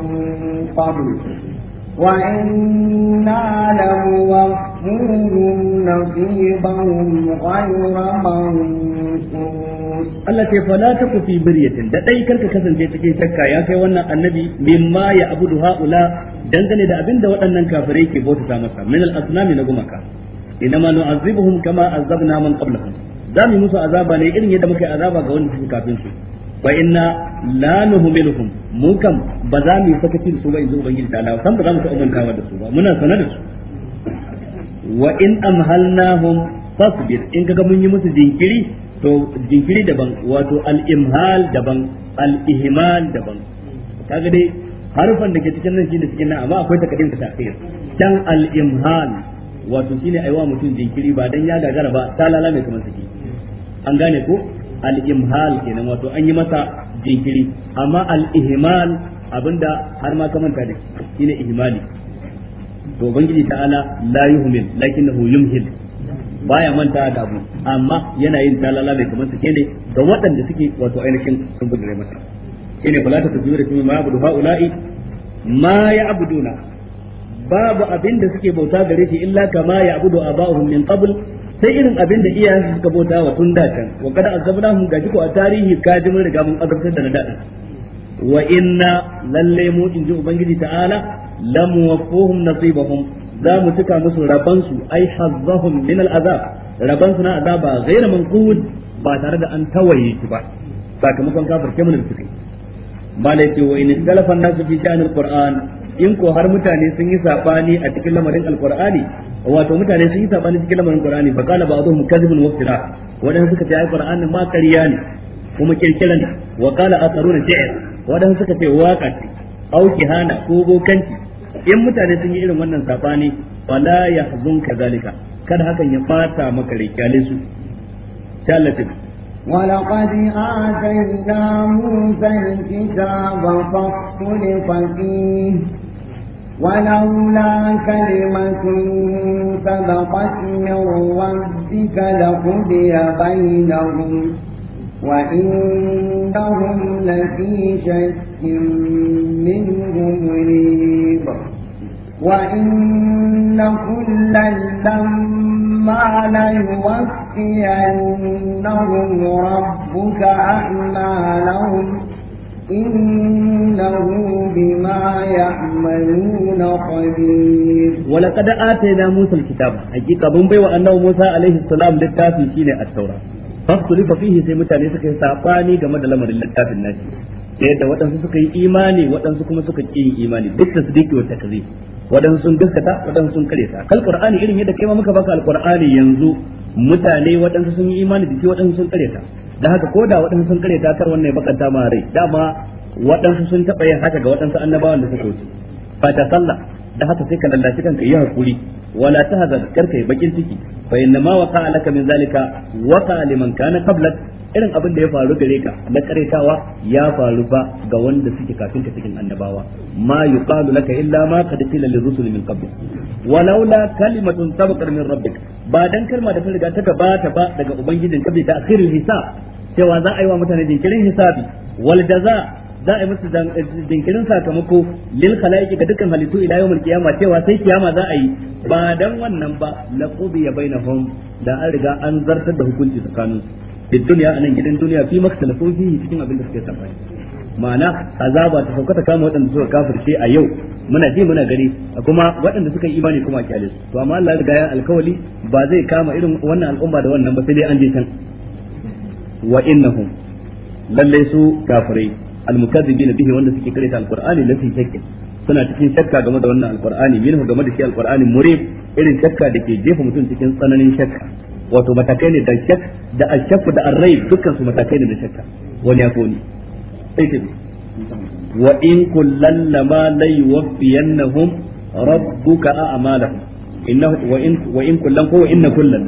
قبل وإنا لموفون نصيبهم غير منصوص Allah ce fala ta ku fi biryatin da dai karka kasance cikin shakka ya kai wannan annabi mimma ya abudu haula dangane da abinda waɗannan kafirai ke bauta masa min al-asnami na gumaka inma nu'azzibuhum kama azzabna man qablahum za azaba ne irin yadda muka azaba ga wanda suke kafin su wa inna la nuhmiluhum mu kam ba za mu sakaci da su ba inji ubangiji ta Allah san ba za mu ta'amantawa da su ba muna sanar da su wa in daban daban harufan da ke cikin nan shi da cikin nan amma akwai takadin ta tafsir dan al-imhal wato shine aiwa mutum jinkiri ba dan ya gagara ba ta lalame kamar saki an gane ko al imhal kenan wato an yi masa jinkiri amma al ihmal abinda har ma ka manta da shine ihmali to ubangiji ta'ala la yuhmil lakinnahu yumhil baya manta da abu amma yana yin talala mai kamar su ne ga waɗanda suke wato ainihin sun gudure masa shine fala ta tafiyar da kuma ma abudu ma ya abuduna babu abin da suke bauta gare shi illa kama ya abudu aba'uhum min qabl sai irin abin da iyayen suka bauta wa tun da can wa kada azabnahum gaji ko a tarihi kaji mun riga mun azabtar da na da wa inna lalle mu in ji ubangiji ta'ala lam wafuhum nasibahum za mu tuka musu raban su ai hazzahum min al'azab raban su na azaba ghayra manqud ba tare da an tawaye shi ba sakamakon kafirce mun da suke malai ce wa in ikhtalafa nasu fi sha'anil qur'an in ko har mutane sun yi sabani a cikin lamarin alqur'ani wato mutane sun yi sabani cikin lamarin qur'ani fa qala ba'dhum kadhibun wa iftira wadan suka ce ai qur'anin ma kariya ne kuma kirkiran wa qala atharuna shi'r wadan suka ce waka ce au kihana ko bokanci in mutane sun yi irin wannan sabani fala yahzunka zalika kada hakan ya bata maka rikyalin su tallatin ولقد آتينا موسى الكتاب فاختلف فيه ولولا كلمة سبقت من ربك لقضي بينهم وإنهم لفي شك منه مريب وإن كلا لما ليوفينهم ربك أعمالهم إنه بما يعملون خبير ولقد آتينا موسى الكتاب حقيقة بمبي وأنه موسى عليه السلام للتافي شيني التوراة فاختلف فيه sai mutane suka yi sabani game da lamarin littafin nashi da yadda waɗansu suka yi imani waɗansu kuma suka ƙi yin imani duk da sidiki wa takzi waɗansu sun gaskata waɗansu sun kare ta kal qur'ani irin yadda kai ma muka baka alqur'ani yanzu mutane waɗansu sun yi imani da shi waɗansu sun kare ta da haka ko da waɗansu sun kare takar wannan bakanta ma rai dama waɗansu sun taɓa yin haka ga waɗansu annabawan da suka wuce fa sallah da haka sai ka lallashi kanka yi hakuri wala tahzan karka yi bakin ciki fa inna ma waqa'a laka min zalika waqa liman kana qablak irin abin da ya faru gare ka na karetawa ya faru ba ga wanda suke kafin ka cikin annabawa ma yuqalu laka illa ma qad qila rusul min qabl laula kalimatun sabaqat min rabbik ba dan kalma da ta riga ta gabata ba daga ubangijin ka bi ta akhirul hisab cewa za a yi wa mutane jinkirin hisabi wal jaza za a yi musu eh, jinkirin sakamako lil khalaiqi ga dukkan halittu ila yawmil qiyamah cewa sai kiyama za a yi ba dan wannan ba laqubi ya bainahum da an riga an zartar da hukunci tsakanin fi dunya anan gidan duniya fi makhtalafu fihi cikin abin da suke sabani ma'ana azaba ta saukata kama waɗanda suka kafirce a yau muna ji muna gani kuma waɗanda suka yi imani kuma kyale su to amma Allah ya gaya ya alkawali ba zai kama irin wannan al'umma da wannan ba sai dai an je can wa innahum lalle su kafirai almukazzibina bihi wanda suke karanta alqur'ani la fi shakkin suna cikin shakka game da wannan alqur'ani minhu game da shi alqur'ani murib irin shakka da ke jefa mutum cikin tsananin shakka wato matakai ne da shak da ashak da arrai dukkan su matakai ne da shakka wani ya koni sai ta wa in kullan lama la yuwaffiyannahum rabbuka a'malahum innahu wa in wa in kullan ko wa inna kullan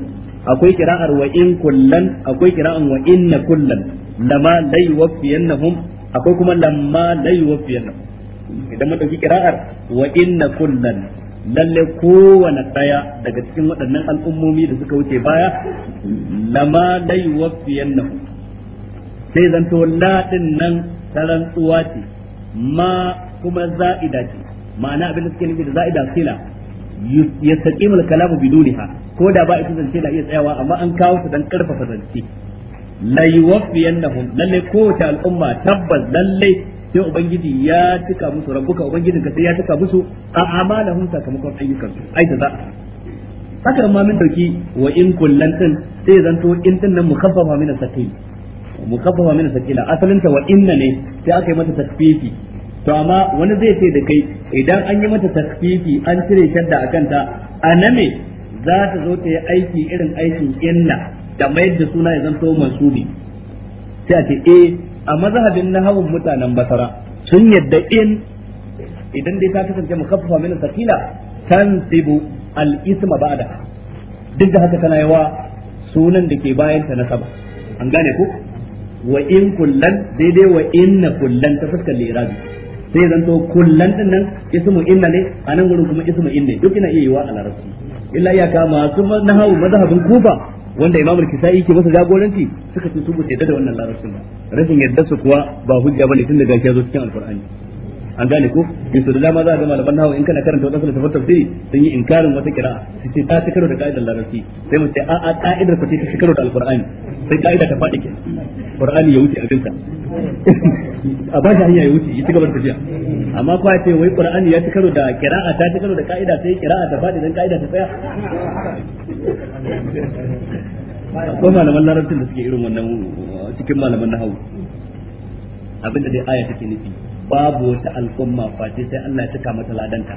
akwai kira'ar wa in kullan akwai kira'an wa inna kullan lama la yuwaffiyannahum akwai kuma lamma la yuwaffiyannahum idan mun dauki kira'ar wa inna kullan lalle kowane daya daga cikin waɗannan al'ummomi da suka wuce baya lama dai wafiyannahu sai zanto ladin nan ta tsuwa ce ma kuma za'ida ce ma'ana abin da suke nufi da za'ida sila yastaqimu al-kalamu ha. ko da ba ita zance na iya tsayawa amma an kawo ta dan karfafa zance la yuwaffiyannahum lalle kowace al'umma tabbas lalle sai ubangiji ya tuka musu rabbuka ubangijin ka sai ya tuka musu a amalahum sakamakon ayyukan su aita za haka amma min dauki wa in kullan tin sai zanto in tin nan mukaffafa min sakil mukaffafa min sakila asalin ta wa inna ne sai aka yi mata tasfifi. to amma wani zai ce da kai idan an yi mata tasfifi an cire shadda akan ta aname za ta zo ta yi aiki irin aikin inna da mayar da suna ya zanto masubi sai a ce eh a mazhabin nahawun mutanen basara sun yadda in idan dai ta kasance mukaffafa min sakila tansibu al isma ba'da duk da haka tana yawa sunan da ke bayan ta nasaba an gane ku wa in kullan daidai wa inna kullan ta fuskar lirabi sai zan to kullan din nan ismu inna ne a gurin kuma ismu inna duk ina iya yiwa a larabci illa iyaka masu nahawu mazhabin kufa wanda imamul kisai ke masa jagoranci suka ce su bu da wannan larabcin ba rashin yadda su kuwa ba hujja bane tun da gashi ya zo cikin alqur'ani an gane ko in eh, su da dama za ga malaman nawa in kana karanta wadansu da littafin tafsiri sun yi inkarin wata kira su ce ta ci karo da ka'idar larabci sai mace a a ka'idar ku ce ta ci karo da alfur'ani sai ka'ida ta faɗi ke alfur'ani ya wuce abinta a ba shi hanya ya wuce ya ci gaba da tafiya amma kuwa ce wai qur'ani ya ci karo da kira'a ta ci karo da ka'ida sai kira'a ta faɗi dan ka'ida ta tsaya akwai malaman larabcin da suke irin wannan uh, cikin malaman na hau abinda dai aya take nufi babu wata al'umma face sai Allah ya cika mata ladanta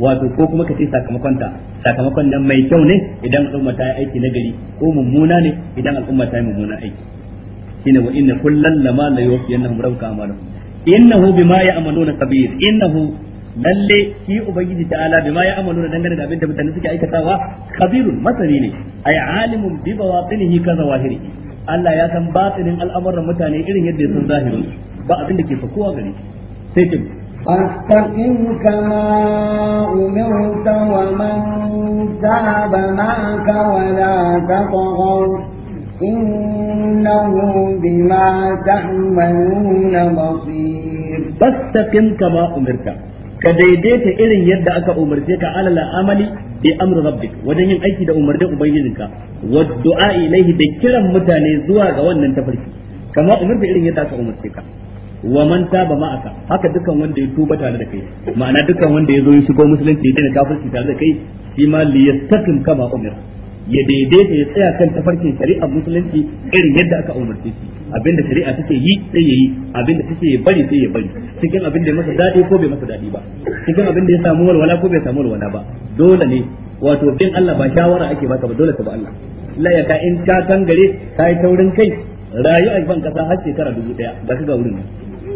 wato ko kuma ka ce sakamakon ta sakamakon nan mai kyau ne idan al'umma ta yi aiki na gari ko mummuna ne idan al'umma ta yi mummuna aiki shine wa inna kullal lama la yufiyanna rabbuka amalu innahu bima ya'maluna kabir innahu lalle shi ubangiji ta'ala bima ya dangane da abinda mutane suke aikatawa kabirun masani ne ay alimun bi bawatinihi ka zawahiri Allah ya san batinin al'amuran mutane irin yadda sun zahirin ba abin da ke fakuwa gare shi sai ce فاستقم كما أمرت ومن تاب معك ولا تطغوا إنه بما تعملون بصير فاستقم كما أمرت ka daidaita irin yadda aka umarce ka alal amali bi amri rabbik wajen yin aiki da umarnin ubangijinka wa du'a ilaihi da kiran mutane zuwa ga wannan tafarki irin yadda aka umarce ka wa man taba ma'aka haka dukan wanda ya tuba tare da kai ma'ana dukan wanda ya zo ya shigo musulunci ya daina kafirci tare da kai shi ma li yastaqim kama umira ya daidaita ya tsaya kan tafarkin shari'a musulunci irin yadda aka umarce shi abinda shari'a take yi sai yayi abinda take bari sai ya bari cikin abin da ya masa dadi ko bai masa dadi ba cikin abin da ya samu walwala ko bai samu walwala ba dole ne wato bin Allah ba shawara ake baka ba dole ka ba Allah la ya ka in ka tangare kai yi taurin kai rayuwar ban kasa har shekara dubu daya ba ka ga wurin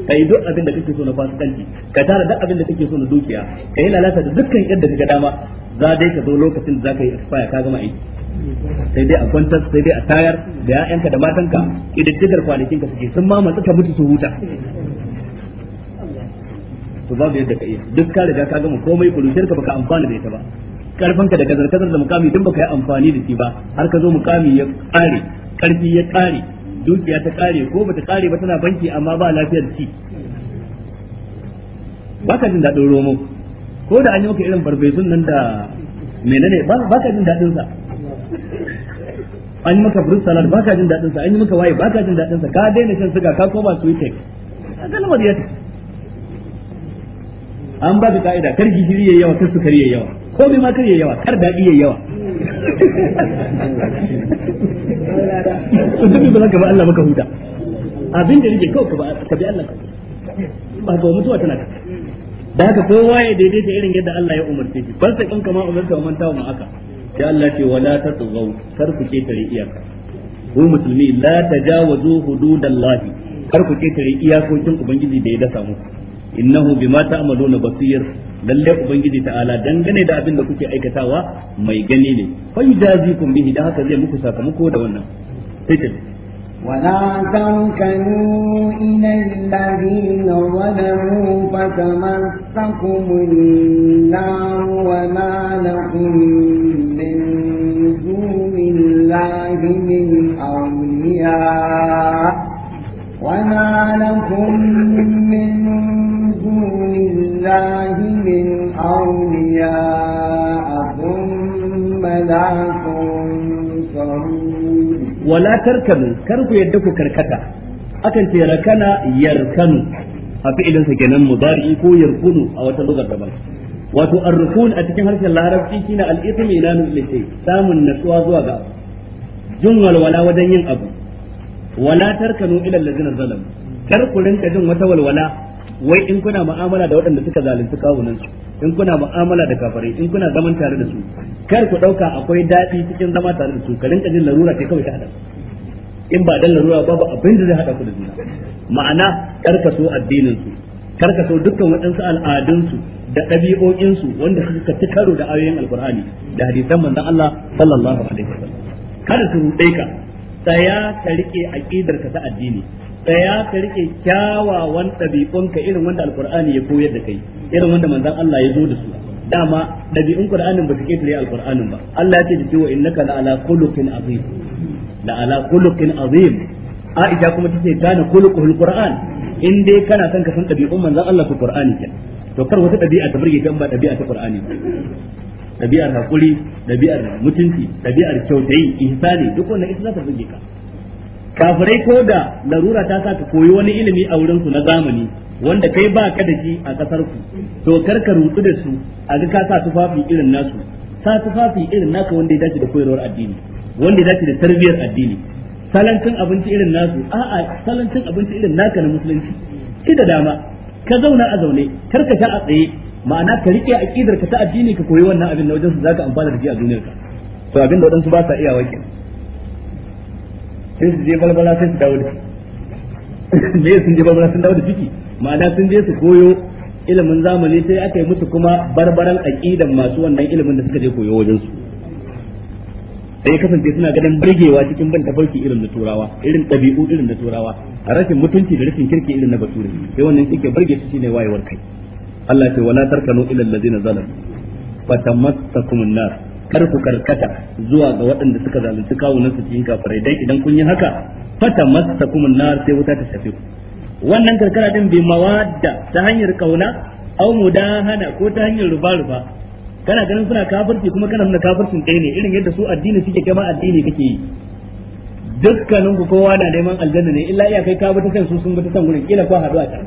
kai duk abin da kake so na fasikanci ka tara duk abin da kake so na dukiya ka yi lalata da dukkan yadda kake dama za dai ka zo lokacin da ka yi expire ka gama aiki sai dai a kwantar sai dai a tayar da ya'yanka da matanka kididdigar kwanakin ka suke sun ma matsu ka mutu su huta to babu yadda ka iya duk ka riga ka gama komai kulushin ka baka amfana da ita ba karfanka da kazar kazar da mukami duk baka yi amfani da shi ba har ka zo mukami ya kare karfi ya kare dukiya ta kare ko bata kare ba tana banki amma ba lafiyar ci baka jin daɗin romo ko da an yi maka irin barbezun nan da menene baka jin daɗin sa an yi maka fruit salad baka jin daɗin sa an yi maka waye baka jin daɗin sa ka daina shan suga ka koma sweet cake kaga an ba ka ka'ida kar gishiri yayi yawa kar sukari yayi yawa ko bai ma kar yayi yawa kar daɗi yayi yawa duk ba za ka ba Allah maka huta abin da rike kawai ka bi Allah ba ga mutuwa tana ka da haka kowa ya daidaita irin yadda Allah ya umarce shi ban sai kanka ma umarta man tawo mun aka sai Allah ce wala tatghaw kar ku tare iyaka ku musulmi la tajawazu hududallahi kar ku tare iyakokin ubangiji da ya dasa muku innahu bima ta'maluna basir lalle ubangiji ta'ala dangane da abin da kuke aikatawa mai gani ne fa yujazikum bihi da haka zai muku sakamako da wannan sai ta ولا تركنوا إلى الذين ظلموا فتمسكم النار وما لكم من دون الله من أولياء وما لكم la tarkanu kar ku yadda ku karkata akan ce rakana yarkanu a fi'ilinsa kenan mudari ko yarkunu a wata lugar daban wato ar a cikin harshen larabci shine al-ithmu ila nuzlihi samun natsuwa zuwa ga jin walwala wajen yin abu wala tarkanu ila allazina zalamu kar ku rinka jin wata walwala wai in kuna mu'amala da waɗanda suka zalunci kawunan su in kuna mu'amala da kafirai in kuna zaman tare da su kar ku dauka akwai daɗi cikin zama tare da su ka rinka jin larura ce kawai ta adam in ba dan ruwa ba abin da zai hada ku da juna ma'ana karkaso addinin su karkaso dukkan waɗansu al'adun su da ɗabi'o'in su wanda suka ci karo da ayoyin alkur'ani da hadisan manzo Allah sallallahu alaihi wasallam kada su ruɗe ka tsaya ka rike aqidar ka ta addini tsaya ka rike kyawawan ka irin wanda alkur'ani ya koyar da kai irin wanda manzo Allah ya zo da su dama ɗabi'un qur'anin ba su ke tare alkur'anin ba Allah ya ce da cewa innaka la'ala ala khuluqin azim La'ala ala khuluqin azim Aisha kuma tace kana khuluqul Qur'an in dai kana son ka san dabi'un manzon Allah ko Qur'ani ke to kar wata ta burge kan ba dabi'a ta Qur'ani dabi'ar hakuri dabi'ar mutunci duk ita za kafirai ko da larura ta sa ka koyi wani ilimi a wurin su na zamani wanda kai ba ka da shi a kasar ku to kar ka rutsu da su a ga ka sa tufafi irin nasu sa tufafi irin naka wanda ya dace da koyarwar addini wanda ya dace da tarbiyyar addini salantin abinci irin nasu a'a salantin abinci irin naka na musulunci ki da dama ka zauna a zaune karka ta a tsaye ma'ana ka rike aqidar ka ta addini ka koyi wannan abin na wajen su zaka amfana da shi a duniyarka to abin da wadansu ba sa iya wake sai su je balbala sai su dawo da shi me sun je balbala sun dawo da ciki ma'ana sun je su koyo ilimin zamani sai aka yi musu kuma barbaran aqidan masu wannan ilimin da suka je koyo wajen su da ya kasance suna ganin burgewa cikin ban tafarki irin na turawa irin ɗabi'u irin na turawa a rashin mutunci da rashin kirki irin na bature sai wannan suke burge su shine wayewar kai Allah ce wala tarkanu ila allazina zalamu fatamassakum an-nar kar ku karkata zuwa ga waɗanda suka zalunci kawunan su cikin kafirai dan idan kun yi haka fatamassakum an-nar sai wuta ta shafe wannan karkara din bi mawadda ta hanyar kauna au mudahana ko ta hanyar rubaruba kana ganin suna kafirci kuma kana suna kafircin ɗaya ne irin yadda su addini suke kai ma addini kake yi dukkanin ku kowa na neman aljanna ne illa iya kai kafirci kan su sun bi ta kan gurin kila ko haɗu a can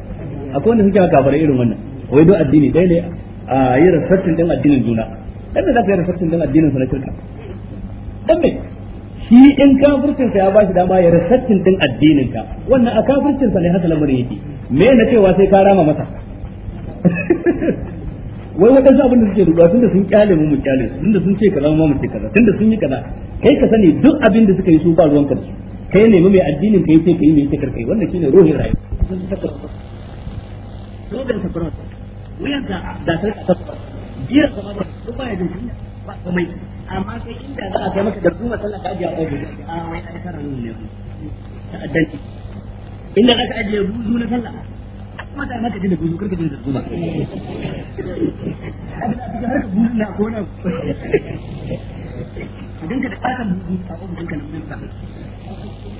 akwai wanda suke kafirai irin wannan wai do addini ɗaya ne a yi rasattin din addinin juna dan da zaka yi rasattin din addinin sa na shirka dan me shi in kafircin sa ya bashi dama ya rasattin dan addinin ka wannan a kafircin sa ne haka lamarin yake me na cewa sai ka rama masa wai wadansu abin da suke duba tunda sun kyale mu mu kyale su tunda sun ce kaza mu mu ce kaza tunda sun yi kaza kai ka sani duk abin da suka yi su ba ruwan ka su kai ne mai addinin kai sai kai mai ce karkai wannan shine ruhin rayuwa sun saka su da ta fara wuyan ka da ta ta biyar ka ba su ba ya jin kunya ba komai amma kai inda za a ga maka da kuma sallah ka ajiya ofis a wai ai karan ne ta addanci inda ka ajiye buzu na sallah mata na kaji da buzu karka ji da zuma na ko da buzu a ofishin ka na buzu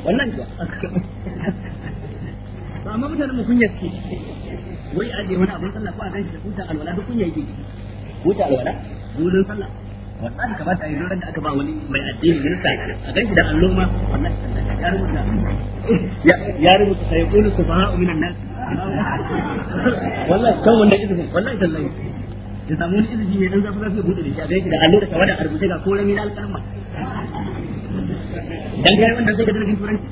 wannan ga ba amma mu kunya ce wai a je wani abin sallah ko a ganshi da alwala duk kunya yake alwala wurin sallah wallahi kamata a yi lura da aka ba wani mai addini minista a ganshi da allo ma wallahi ya rubuta ya ya rubuta sai qulu subha'u minan nas wallahi kan wanda izinin wallahi tallahi ya samu wani izini mai dan zafi zafi bude ne shi a ganshi da allo da tawada a rubuce ga korami na alƙalma dan kai wanda zai ga dalilin turanci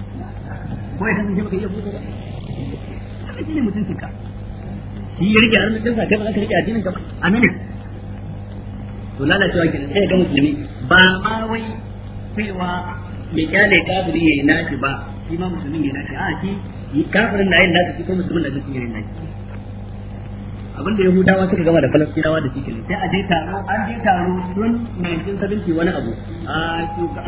ko ya ji baka iya bude ba shi ne mutuncinka shi ya rike a rike sa kai ba za ka rike addinin ka ba aminin to lalacewa kenan sai ga musulmi ba ma wai cewa mai kyale kafiri yayi nafi ba shi ma musulmin yayi nafi a shi kafirin na yin nafi shi ko musulmin da shi yayi nafi abinda yahudawa suka gama da falastinawa da cikin sai a je taro an je taro tun 1970 wani abu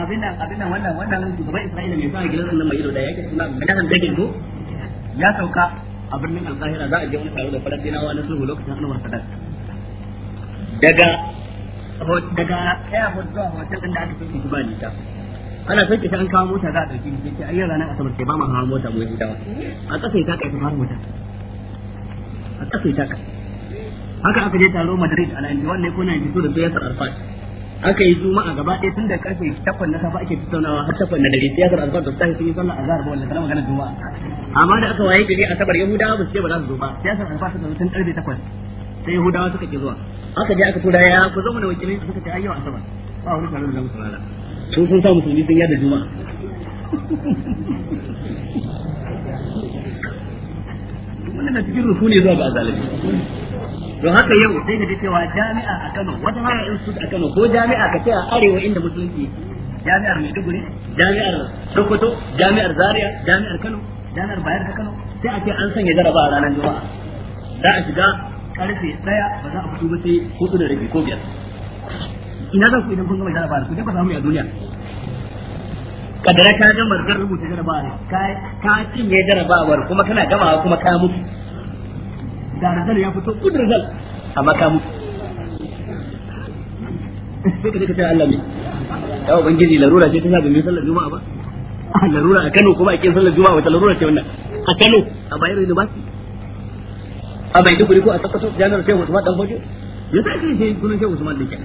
abin nan abin nan wannan wannan shugaban isra'ila mai fara gidan nan mai ido da yake suna maganar dagin go ya sauka a birnin alkahira za a je wani taro da falastinawa na sulhu lokacin anwar sadar daga daga airport zuwa hotel din da aka sauke shi ba nisa ana sauke shi an kawo mota za a ɗauki shi sai ayyana ranar asabar ke ba mu hawa mota mu yi dawa a ƙasa ita kai fara mota a ƙasa ita kai haka aka je taro Madrid a 91 ne ko 92 da Yasser Arafat aka yi juma'a gaba ɗaya tun da karfe 8 na safa ake tattaunawa har 8 na dare Yasser Arafat da sai sun yi sallar azhar ba wallahi magana juma'a amma da aka waye gari asabar Yahudawa ba su ce ba za su zo ba Yasser Arafat da tun karfe 8 sai yahudawa suka ke zuwa aka je aka tura ya ku zama da wakilai suka ce ayyau sama ba wani tare da zamu saurara su sun sa musulmi sun yada juma'a wannan na cikin rufu ne zuwa ga azalimi don haka yau sai ka ji cewa jami'a a Kano wata in su a Kano ko jami'a ka ce a arewa inda musulunci jami'ar Maiduguri jami'ar Sokoto jami'ar Zaria jami'ar Kano jami'ar Bayar ta Kano sai a ce an sanya jaraba a ranar Juma'a za a shiga karfe daya ba za a fito ba sai hudu da rabi ko biyar ina zan ku idan kun gama jarabawa ku ba samu mu yi a duniya kadara ka ga zan rubuta jarabawar ka cinye jarabawar kuma kana gamawa kuma ka mutu da razal ya fito kudin razal amma ka mutu sai ka ce Allah ne ya ubangiji larura ce ta da domin sallar juma'a ba larura a Kano kuma a kin sallar juma'a wata larura ce wannan a Kano a Bayero University a bai duguri ko a sakkato jami'ar shehu usman dan hoje ya sa shi sai sunan shehu usman dake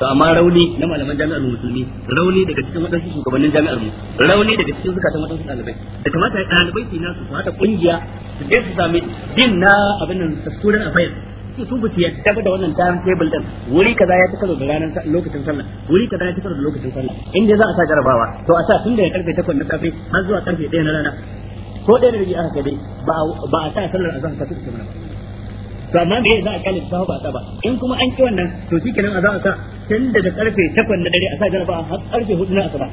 to amma rauni na malaman jami'ar musulmi rauni daga cikin wadansu shugabannin jami'ar mu rauni daga cikin zukatan wadansu dalibai da kamata ya dalibai ki nasu su hada kungiya su je su sami din na abin nan student affairs su su basu yadda da wannan time table din wuri kaza ya tukar da ranar lokacin sallah wuri kaza ya tukar da lokacin sallah inda za a sa jarabawa to a sa tun ya karfe 8 na safe har zuwa karfe 1 na rana ko ɗaya da biyu aka gade ba a sa sallar azan ka suka mana to amma me za a kalli ta ba ta ba in kuma an ki wannan to kenan a za a sa tun daga karfe 8 na dare a sa jaraba har karfe 4 na asuba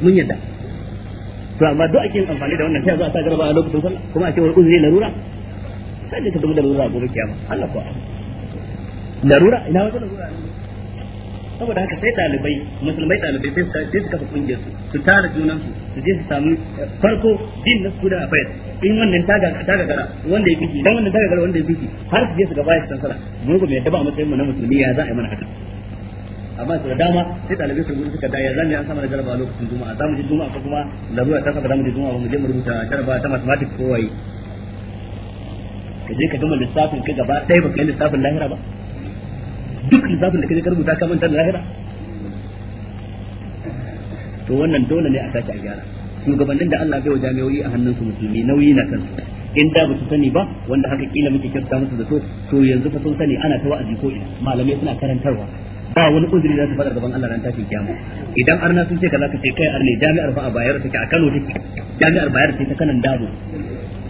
mun yadda to amma duk ake amfani da wannan sai za a sa jaraba a lokacin sallah kuma a ce wani uzuri larura sai ka zama da larura gobe kiyama Allah ko larura ina wata larura saboda haka sai dalibai musulmai dalibai sai su kafa kungiyar su su tara junan su su je su samu eh, farko din na su da afayar in wannan taga taga gara wanda ya fiki dan wannan taga gara wanda ya fiki har su je su gaba su sansara mu ba mu yadda ba matsayin mu na musulmi ya za a yi mana haka amma su da dama sai dalibai su gudu suka daya zan zan an sama da jaraba lokacin juma'a za mu je juma'a ko kuma larura ta saba za mu je juma'a mu je mu rubuta jaraba ta mathematics ko waye ka je ka gama lissafin ka gaba ɗaya ba ka yi lissafin lahira ba duk lissafin da kaje ka rubuta ka manta da lahira to wannan dole ne a sake a gyara shugabannin da Allah bai wa jami'o'i a hannun su musulmi nauyi na kansu in da ba su sani ba wanda haka kila muke kyauta musu da to to yanzu fa sun sani ana ta wa'azi ko ina malamai suna karantarwa ba wani uzuri za su faɗa gaban Allah ran tashin kiyama idan arna sun ce kaza ka ce kai arne jami'ar fa a bayar take a Kano take jami'ar bayar take ta kanan dabo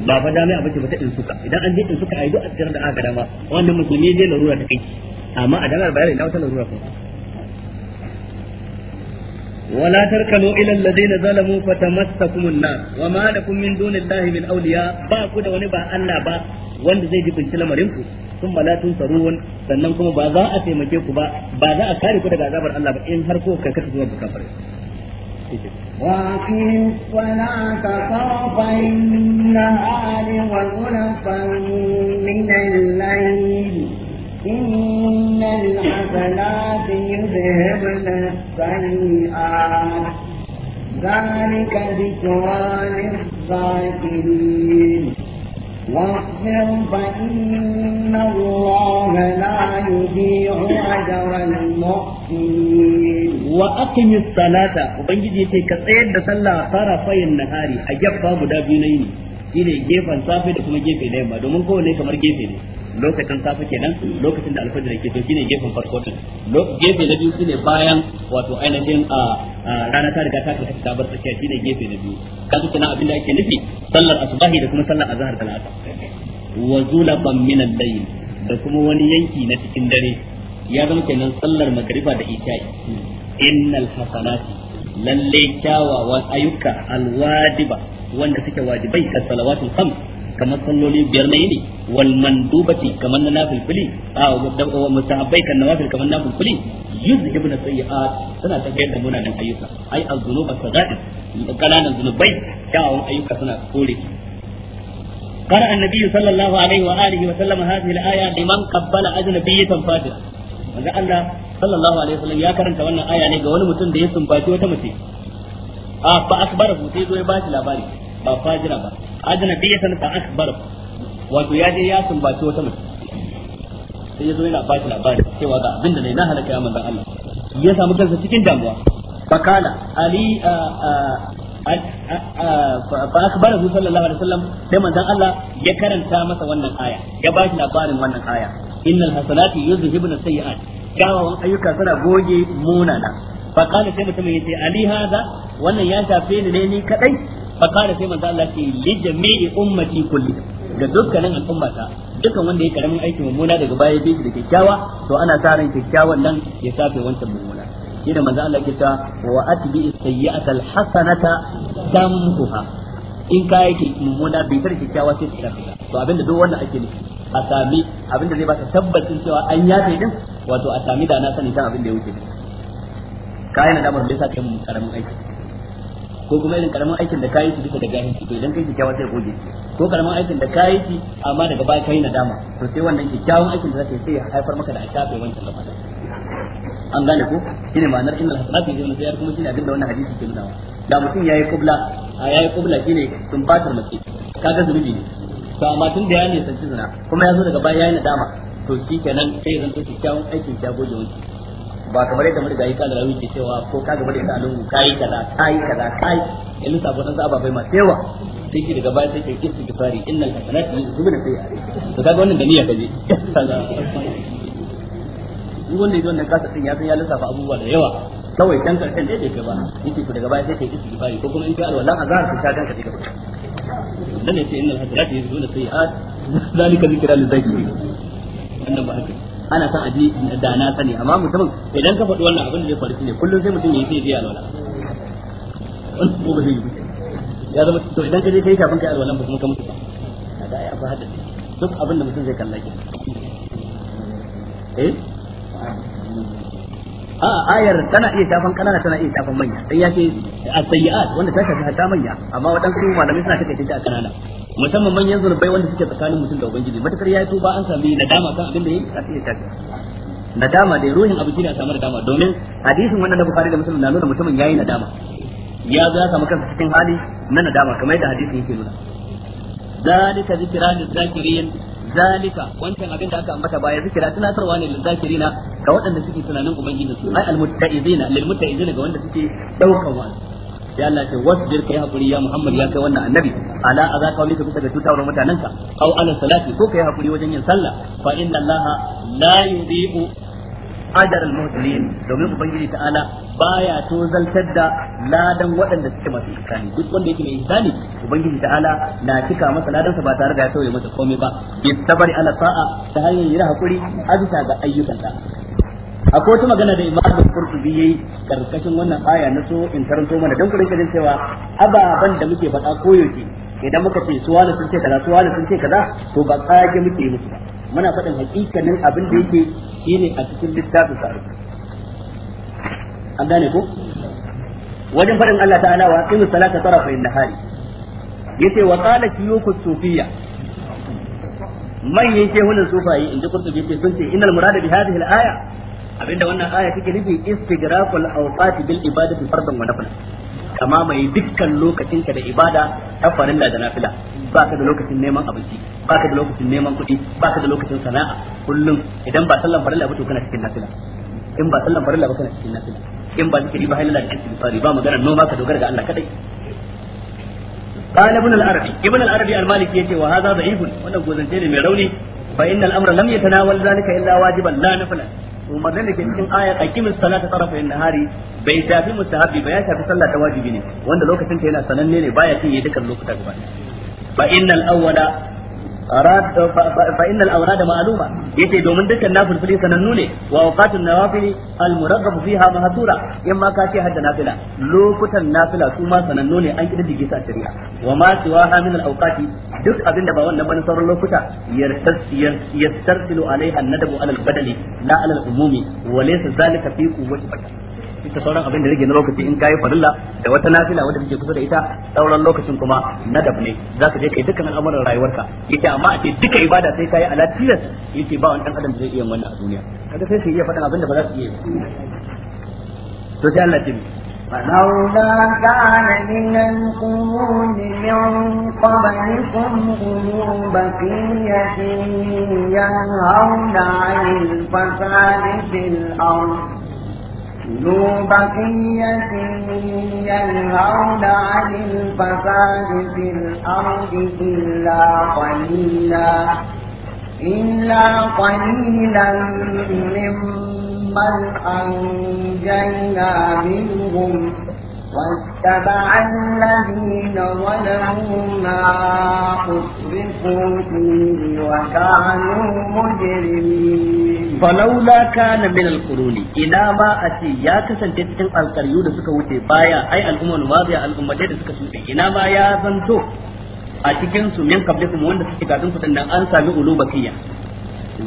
ba fa jami'a bace ba ta din suka idan an je din suka ayi duk da aka dama wannan musulmi ne larura ta kai Amma a janar da bayani, na'urtan la'urora kuma ba. Walatar kanu ilallai da zalamu fa ta matse wa ma da kunmin donin lahamin audiya, ba ku da wani ba Allah ba, wanda zai ji binci lamarin ku, sun bala tun sannan kuma ba za a taimake ku ba, ba za a kare ku daga azabar Allah ba, in har ko kai kai ta zama buƙatar. Wafin kwana ta saurayin lahadi, wal kula faɗi ne na إن الحسنات يذهبن السيئات ذلك ذكرى للذاكرين واصبر فإن الله لا يضيع أجر المحسنين وأقم الصلاة وبنجي تيك سيد صلى طرفي النهار أجب باب دابينين shine gefen safe da kuma gefe na yamma domin kowanne kamar gefe ne lokacin safe kenan lokacin da alfajir ke to shine gefen farko din gefe na biyu shine bayan wato ainihin a rana ta riga ta kai ta bar tsakiya shine gefe na biyu kaga kana abin da ake nufi sallar asubahi da kuma sallar azhar da la'asar wa zulafan min al-layl da kuma wani yanki na cikin dare ya zama kenan sallar magriba da isha'i innal hasanati lalle kyawawan ayyuka alwajiba wanda suke wajibai ka salawatul khams kamar salloli biyar na yini wal mandubati kamar na nafilfili a wa kan nawafil kamar nafilfili yuzhibu na sayyi'at suna tafiyar da munanan ayyuka ai az-zunub as-sadaqat kananan zunubai kyawun ayyuka suna kore قرأ النبي صلى الله عليه وآله وسلم هذه الآية لمن قبل أجنبية فاجرة manzo Allah sallallahu alaihi wasallam ya karanta wannan aya ne ga wani mutum da ya sumbaci wata mace a fa asbarahu ya labari ba fajira ba ajnabiyatan fa akbar wato ya je ya sumbaci wata mace sai ya zo yana ba shi labari cewa ga abinda ne na halaka ya manzon Allah ya samu kansa cikin damuwa fakala ali fa akhbarahu sallallahu alaihi wasallam sai manzon Allah ya karanta masa wannan aya ya ba shi labarin wannan aya innal hasanati yuzhibuna sayiat gawawan ayyuka suna goge munana fakala sai mutumin yace ali hada wannan ya shafe ni ne ni kadai fa qala sai manzo Allah ce li jami'i ummati kulli ga dukkanin al'ummata dukkan wanda ya karamin aiki mummuna daga baya bi da kyakkyawa to ana sa ran kyakkyawan nan ya safe wancan mummuna shi da manzo Allah ke ta wa atbi sayyi'ata al-hasanata tamhuha in ka yake mummuna bai tar kyakkyawa sai ta safe to abinda duk wanda ake nufi a sami abinda zai baka tabbacin cewa an yafe din wato a sami da na sani kan abin da ya wuce na da mun bai sa kai karamin aiki ko kuma irin karamin aikin da kayi shi bisa da gani to idan kai kyakkyawa sai goge ko karamin aikin da kayi shi amma daga baya kai nadama to sai wannan kyakkyawan aikin da zaka yi sai ya haifar maka da shafe wancan lamarin an gane ko shine ma'anar innal hasanatu zai sayyi'at kuma shine abinda wannan hadisi ke nuna da mutum yayi kubla a yayi kubla shine batar mace kaga zunubi ne to amma tun da ya ne sanci zina kuma ya zo daga baya yayi nadama to shikenan sai zan to kyakkyawan aikin ya goge wancan ba kamar yadda muka yi kana rawi ke cewa ko ka gaba da ita alungu kai kaza kai kaza kai ya lissa ko dan ababai masu ma cewa. ki daga baya sai ki istighfari innal hasanati yuzibuna sayyi'ati to kaga wannan da niyya je duk wanda yaji wannan kasa din ya san ya lissafa abubuwa da yawa kawai dan karshen da yake ba yake ku daga baya sai kai fari ko kuma in kai alwala azhar ka kanka ka daga dan ne sai innal hasanati yuzibuna sayyi'at zalika zikra lil zakirin wannan ana sa a ji da na sani amma mutumin idan ka faɗi wannan abin da zai faru ne kullum sai mutum ya yi sai ya alwala ya zama to idan ka je kai kafin kai alwalan ba kuma ka mutu ba da ya abu hadda duk abin da mutum zai kalla ke eh a ayar tana iya shafan kanana tana iya shafan manya sai ya ce as-sayyi'at wanda ta shafi hatta manya amma wadansu malamai suna take ta kanana musamman manyan zurbai wanda suke tsakanin mutum da ubangiji matakar ya tuba an sami nadama kan abin da yake a iya shafi. nadama dai ruhin abu shine a samu nadama domin hadisin wannan da Bukhari da Muslim na nuna mutumin yayi nadama ya za ka maka cikin hali na nadama kamar yadda hadisin yake nuna ذلك zikran zakirin zalika wancan abin da aka ambata baya zikira tunatarwa ne lizakirina ga waɗanda suke tunanin ubangiji su ai almutta'izina lilmutta'izina ga wanda suke daukan wani ya Allah ce wasbir kai hakuri ya Muhammad ya kai wannan annabi ala aza ka wani bisa ga tutawar ka aw ala salati ko kai hakuri wajen yin sallah fa inna Allah la yudhi'u ajral muhsinin domin ubangiji ta'ala baya tozaltar da ladan waɗanda suke masu ihsani duk wanda yake mai ihsani ubangiji ta'ala na cika masa ladansa ba tare da ya tauye masa komai ba istabari ala sa'a ta hanyar yi hakuri azuta ga ayyukansa akwai wata magana da imamu qurtubi yayi karkashin wannan aya na so in karanto mana dan kurin kadin cewa ababan da muke faɗa koyaushe idan muka ce suwa sun ce kaza suwa sun ce kaza to ba tsage muke musu ba muna faɗin hakikanin abin da yake ne a cikin littafin sa an gane ko wajen faɗin Allah ta'ala wa aqimus salata tarafa in-nahari yace wa qala shuyukhu sufiyya manyan shehunan sufayi inda kurtubi ce sun ce innal murada bi hadhihi al-aya abinda wannan aya take nufi istigraqul awqati bil ibadati fardan wa naflan ka mamaye dukkan lokacinka da ibada ta farilla da nafila ka da lokacin neman abinci ba ka da lokacin neman kuɗi ba ka da lokacin sana'a kullum idan ba sallan farilla ba to kana cikin nafila in ba sallan farilla ba kana cikin nafila in ba zikiri ba halalla da fari ba magana noma ka dogara ga Allah kadai قال ابن العربي ابن العربي المالكي يتي وهذا ضعيف wannan غوزنتي ne mai rauni fa innal amra lam yatanawal zalika illa wajiban la nafilan umarnin da ke cikin ayar aqimis salata tarafa in nahari bai tafi mustahabi ba ya tafi sallah ta wajibi ne wanda lokacin ta yana sananne ne baya cin yi dukkan lokuta gaba Ba innal awwala أراد فإن الأوراد معلومة يتي دومن دكا نافل فلي سننوني وأوقات النوافل المرغب فيها مهتورة إما كاتي حد نافلة لو كتا نافلة ثم سننوني أي كده دي جيسا شريعة وما سواها من الأوقات دك أبن دبا وأن بن صور لو كتا يرتسل عليها الندب على البدل لا على العموم وليس ذلك في قوة بدل ita sauran abin da rage na lokaci in kayi farilla da wata nafila wadda take kusa da ita sauran lokacin kuma na dab ne za ka je kai dukkan al'amuran rayuwarka yace amma a ce duka ibada sai kayi ala tilas yace ba wani dan adam zai iya wannan a duniya kaga sai su iya faɗin abin da ba za su iya to sai Allah ya فلولا كان من القرون من قبلكم أولو بقية ينهون عن الفساد في الأرض ذو بقية ينهون عن الفساد في الأرض إلا قليلا إلا قليلا ممن أنجينا منهم واتبع الذين ظلموا ما أسرفوا فيه وكانوا مجرمين falaula kana min alquruni ina ma a ce ya kasance cikin alkaryu da suka wuce baya ai al'umma ma biya al'ummatai da suka shuɗe ina ma ya zanto a cikin su min kuma wanda suke gadin ku da an sami ulubakiyya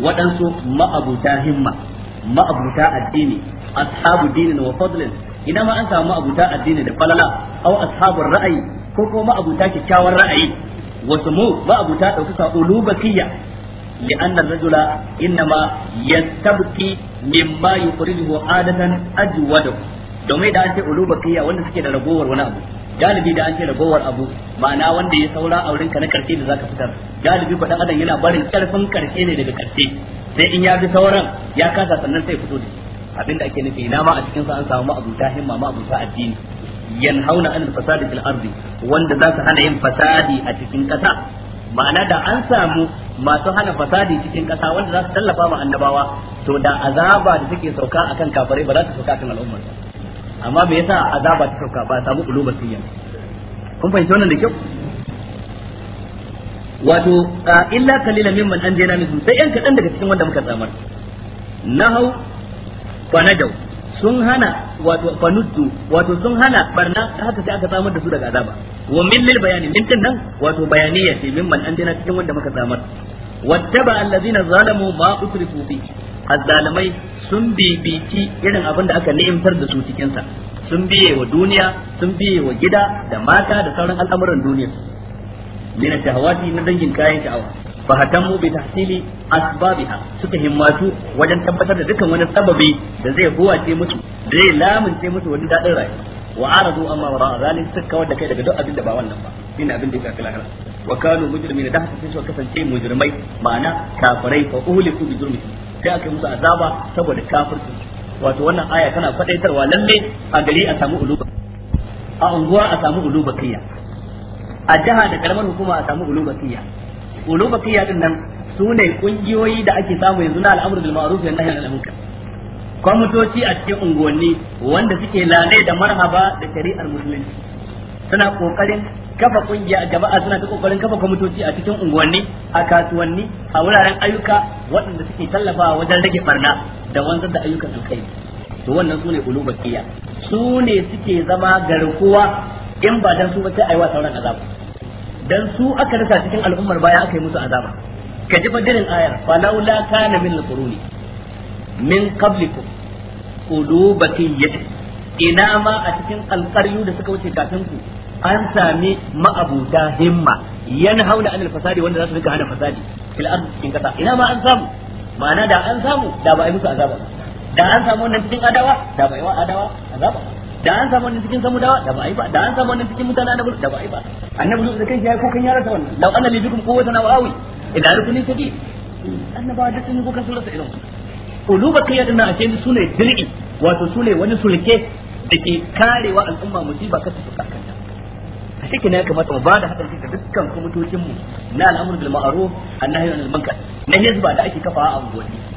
waɗansu ma'abuta himma ma'abuta addini ashabu dinin wa fadlin ina ma an samu ma'abuta addini da falala aw ashabu ra'ayi ko ko ma'abuta kyakkyawar ra'ayi wasu mu ma'abuta ɗaukaka ulubakiya لأن الرجل إنما يستبقي مما يخرجه عادة أجوده domin da an ce ulu bakiya wanda suke da ragowar wani abu galibi da an ce ragowar abu ma'ana wanda ya saura a ka na karshe da zaka fitar galibi ko dan adam yana barin karfin karshe ne daga karshe sai in ya bi sauran ya kasa sannan sai fito da abinda ake nufi ina ma a cikin sa an samu ta himma ta addini yanhauna anil fasadi fil ardi wanda za su hana yin fasadi a cikin kasa ma'ana da an samu masu hana fasadi cikin kasa wanda za su tallafa ma annabawa to da azaba da take sauka akan kafirai ba za ta sauka akan al'ummar amma me yasa azaba ta sauka ba samu ulumar siyan kun fahimci wannan da kyau wato illa kalilan mimman an jena min sai yan kadan daga cikin wanda muka samar nahau fa najau sun hana wato fanuddu wato sun hana barna haka sai aka samar da su daga azaba wa min lil bayani min nan wato bayaniya ce min man andina cikin wanda muka samar wattaba allazina zalamu ma utrifu bi azzalimai sun bibici irin abin da aka ni'imtar da su cikin sa sun biye wa duniya sun biye wa gida da mata da sauran al'amuran duniya min shahawati na dangin kayan sha'awa fahatamu bi tahsili asbabiha suka himmatu wajen tabbatar da dukkan wani sababi da zai huwace musu da zai lamunce musu wani dadin rayuwa wa aradu amma wara zalim suka kawar da kai daga duk abin da ba wannan ba shine abin da ya kafi lahira wa kanu mujrimina da haka suka kasance mujrimai ma'ana kafirai fa uhliku bi jurmi sai aka musu azaba saboda kafirci wato wannan aya tana kwadaitarwa lalle a gari a samu uluba a unguwa a samu uluba kiyya a jiha da karamar hukuma a samu uluba kiyya ulubaqiya din nan sune kungiyoyi da ake samu yanzu na al'amur bil ma'ruf wa nahyi anil munkar kwamitoci a cikin unguwanni wanda suke lalai da marhaba da shari'ar musulunci suna kokarin kafa kungiya jama'a suna ta kokarin kafa kwamitoci a cikin unguwanni a kasuwanni a wuraren ayyuka waɗanda suke tallafawa wajen rage barna da wanzar da ayyukan alkhairi to wannan sune ulubaqiya su ne suke zama garkuwa in ba dan su ba sai ayi wa sauran azabu dan su aka rasa cikin al'ummar baya aka yi musu azaba ka ji fadirin ayar fa laula kana min al-quruni min qablikum yat ina ma a cikin alqaryu da suka wuce kafin ku an sami ma'abuta himma yan hauna anil fasadi wanda za su rika hana fasadi fil ard cikin kasa ina ma an samu ma'ana da an samu da ba a yi musu azaba da an samu wannan cikin adawa da ba a yi wa adawa azaba da an samu wani cikin samu dawa da ba a yi ba da an samu wani cikin mutane annabi da ba a yi ba annabi zuwa da ya yi kokan yara ta wannan law anna li bikum quwwatan wa awi idan rukuni sadi annabawa duk sun kokan surata irin kai yadda na ashe su ne dir'i wato su ne wani sulke da ke karewa al'umma musiba kasu su kakanta a cikin ya kamata mu da hadin da dukkan kwamitocinmu na al'amur bil ma'ruf annahi anil munkar na hizba da ake kafa a unguwanni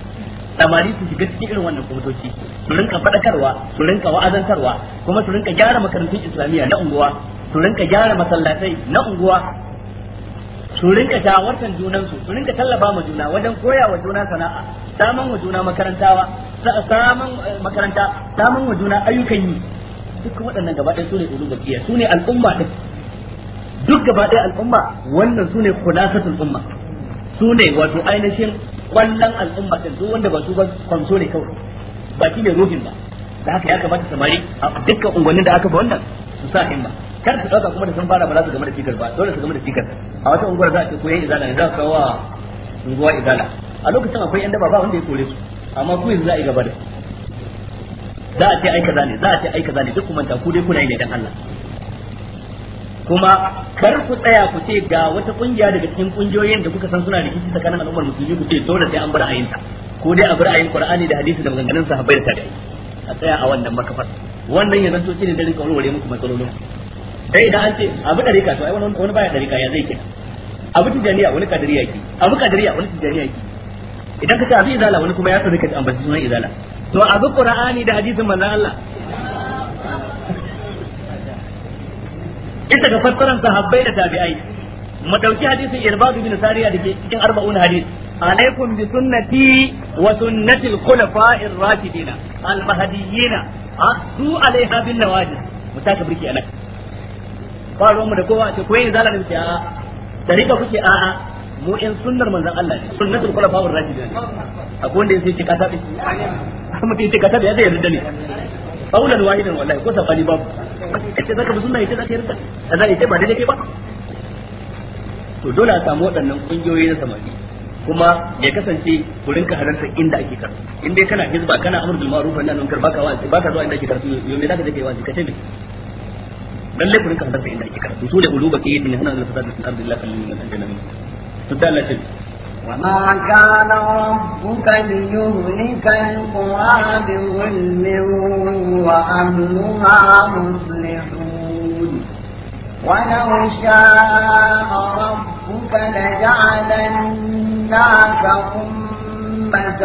samari su shiga cikin irin wannan kwamitoci su rinka faɗakarwa su rinka wa'azantarwa kuma su rinka gyara makarantun islamiyya na unguwa su rinka gyara masallatai na unguwa su rinka shawartar junansu su rinka tallafa ma juna wajen koya wa juna sana'a samun wa juna makarantawa samun eh, makaranta samun wa juna ayyukan yi duk waɗannan gaba ɗaya su ne ulul su ne al'umma ɗin duk gaba ɗaya al'umma wannan su ne khulasatul umma su ne wato ainihin kwallon al'umma ta duk wanda ba su ba kwanto ne kawai ba shi ne ruhin ba da haka ya kamata samari a dukkan unguwannin da aka ba wannan su sa himma kar su dauka kuma da sun fara ba za su game da fikar ba dole su game da fikar a wata unguwar za a ce ko izala ne za su kawo unguwa izala a lokacin akwai yan daba ba wanda ya kore su amma ku yanzu za a yi gaba da su za a ce ai kaza ne za a ce aika kaza ne duk kuma ta ku dai kuna yi ne dan Allah kuma kar ku tsaya ku ce ga wata kungiya daga cikin kungiyoyin da kuka san suna kici tsakanin al'ummar musulmi ku ce dole sai an bar ayinta ko dai a bar ayin qur'ani da hadisi da maganganun sahabbai da tabi'i a tsaya a wannan makafar wannan ya zanto shine da rinka warware muku matsalolin dai idan an ce abu da rika to ai wani wani baya da rika ya zai kina abu tijaniya wani kadariya ki abu kadariya wani tijaniya ki idan ka ce abu izala wani kuma ya tsare ka ambaci sunan izala to abu qur'ani da hadisin manzon Allah bisa ga fassaran sahabbai da tabi'ai mu dauki hadisin irbad bin sariya dake cikin arba'un hadis alaikum bi sunnati wa sunnati al-khulafa'i ar-rashidin al-mahdiyyin asu alaiha bin nawajid mu ta birki anan ba mu da kowa ce koyi zalala ne a tarika kuke a a mu in sunnar manzon Allah ne sunnatul khulafa'i ar-rashidin akwai wanda yake ce kasa amma yake kasa da yadda yarda ne qaulan wahidan wallahi ko sabani babu kace zaka bi sunna yace zaka yarda kaza yace ba daidai ba to dole a samu waɗannan kungiyoyi na samari kuma ya kasance ku rinka halarta inda ake karatu in dai kana hizba kana amr bil ma'ruf wa nahy anil baka wa baka zuwa inda ake karatu yo me zaka dake kai ka kace me lai ku rinka halarta inda ake karatu su da uluba kayyidin hana al fasad fil ardi la kallin min al jannah to da وما كان ربك ليهلك القرى بظلم وأهلها مصلحون ولو شاء ربك لجعل الناس أمة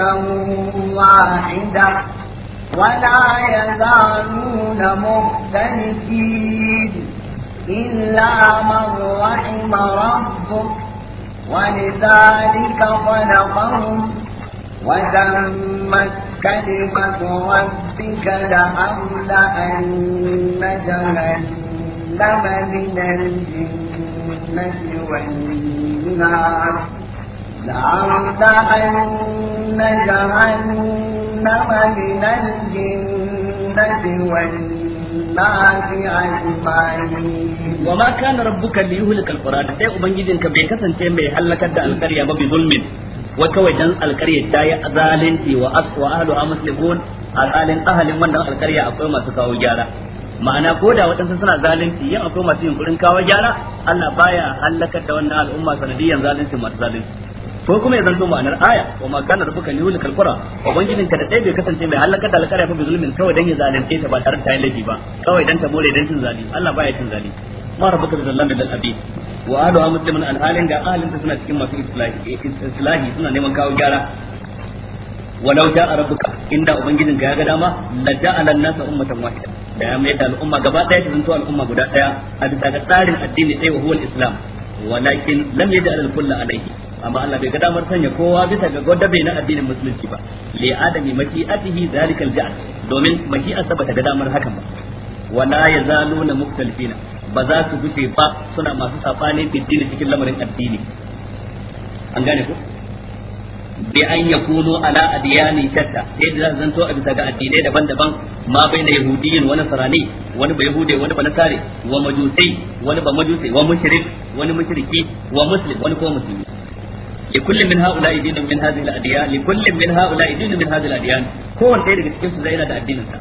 واحدة ولا يزالون مختلفين إلا من رحم ربك ولذلك خلقهم وتمت كلمة ربك لأملأن جهنم من الجنة والنار لأملأن جهنم من الجنة والنار للناس أجمعين وما كان ربك ليهلك القرى sai ka bai kasance mai halakar da alƙarya ba bi zulmin wa kawai dan alƙarya ta yi zalunci wa aswa ahlu muslimun azalin ahalin wannan alƙarya akwai masu kawo gyara ma'ana ko da waɗansu suna zalunci yin akwai masu yunkurin kawo gyara Allah baya halakar da wannan al'umma sanadiyan zalunci masu zalunci ko kuma ya zanto ma'anar aya wa ma kana rabbuka liyulikal qura ubangijin ka da dai bai kasance mai halaka da alƙarya fa bi zulmin kawai dan ya zalunce ta ba tare da laifi ba kawai dan ta more dan cin zali Allah baya cin zali ma rabbuka bizallam bil abid wa adu musliman al halin da ahalin ta suna cikin masu islahi eh, islahi suna neman kawo gyara walau ja'a rabbuka inda ubangijin ka ya ga dama la ja'ala an-nasa ummatan wahida da ya mai da al'umma gaba daya ta zanto al'umma guda daya a bisa ga tsarin addini sai wa huwal islam ولكن لم يجعل الكل عليه amma Allah bai ga damar sanya kowa bisa ga gwada bai na addinin musulunci ba li adami maki'atihi zalikal ja'al domin maki'arsa bata ga damar hakan ba wala yazaluna muktalifina ba za su gushe ba suna masu sabani fiddini cikin lamarin addini an gane ku bi an yakunu ala adiyani shatta sai da zan to a bisa ga addinai daban-daban ma bai da yahudiyin wani sarani wani bai yahude wani ba nasare wa majusai wani ba majusai wa mushrik wani mushriki wa muslim wani ko musulmi لكل من هؤلاء دين من هذه الأديان لكل من هؤلاء دين من هذه الأديان هو الخير daga cikin zai yana da addinin sa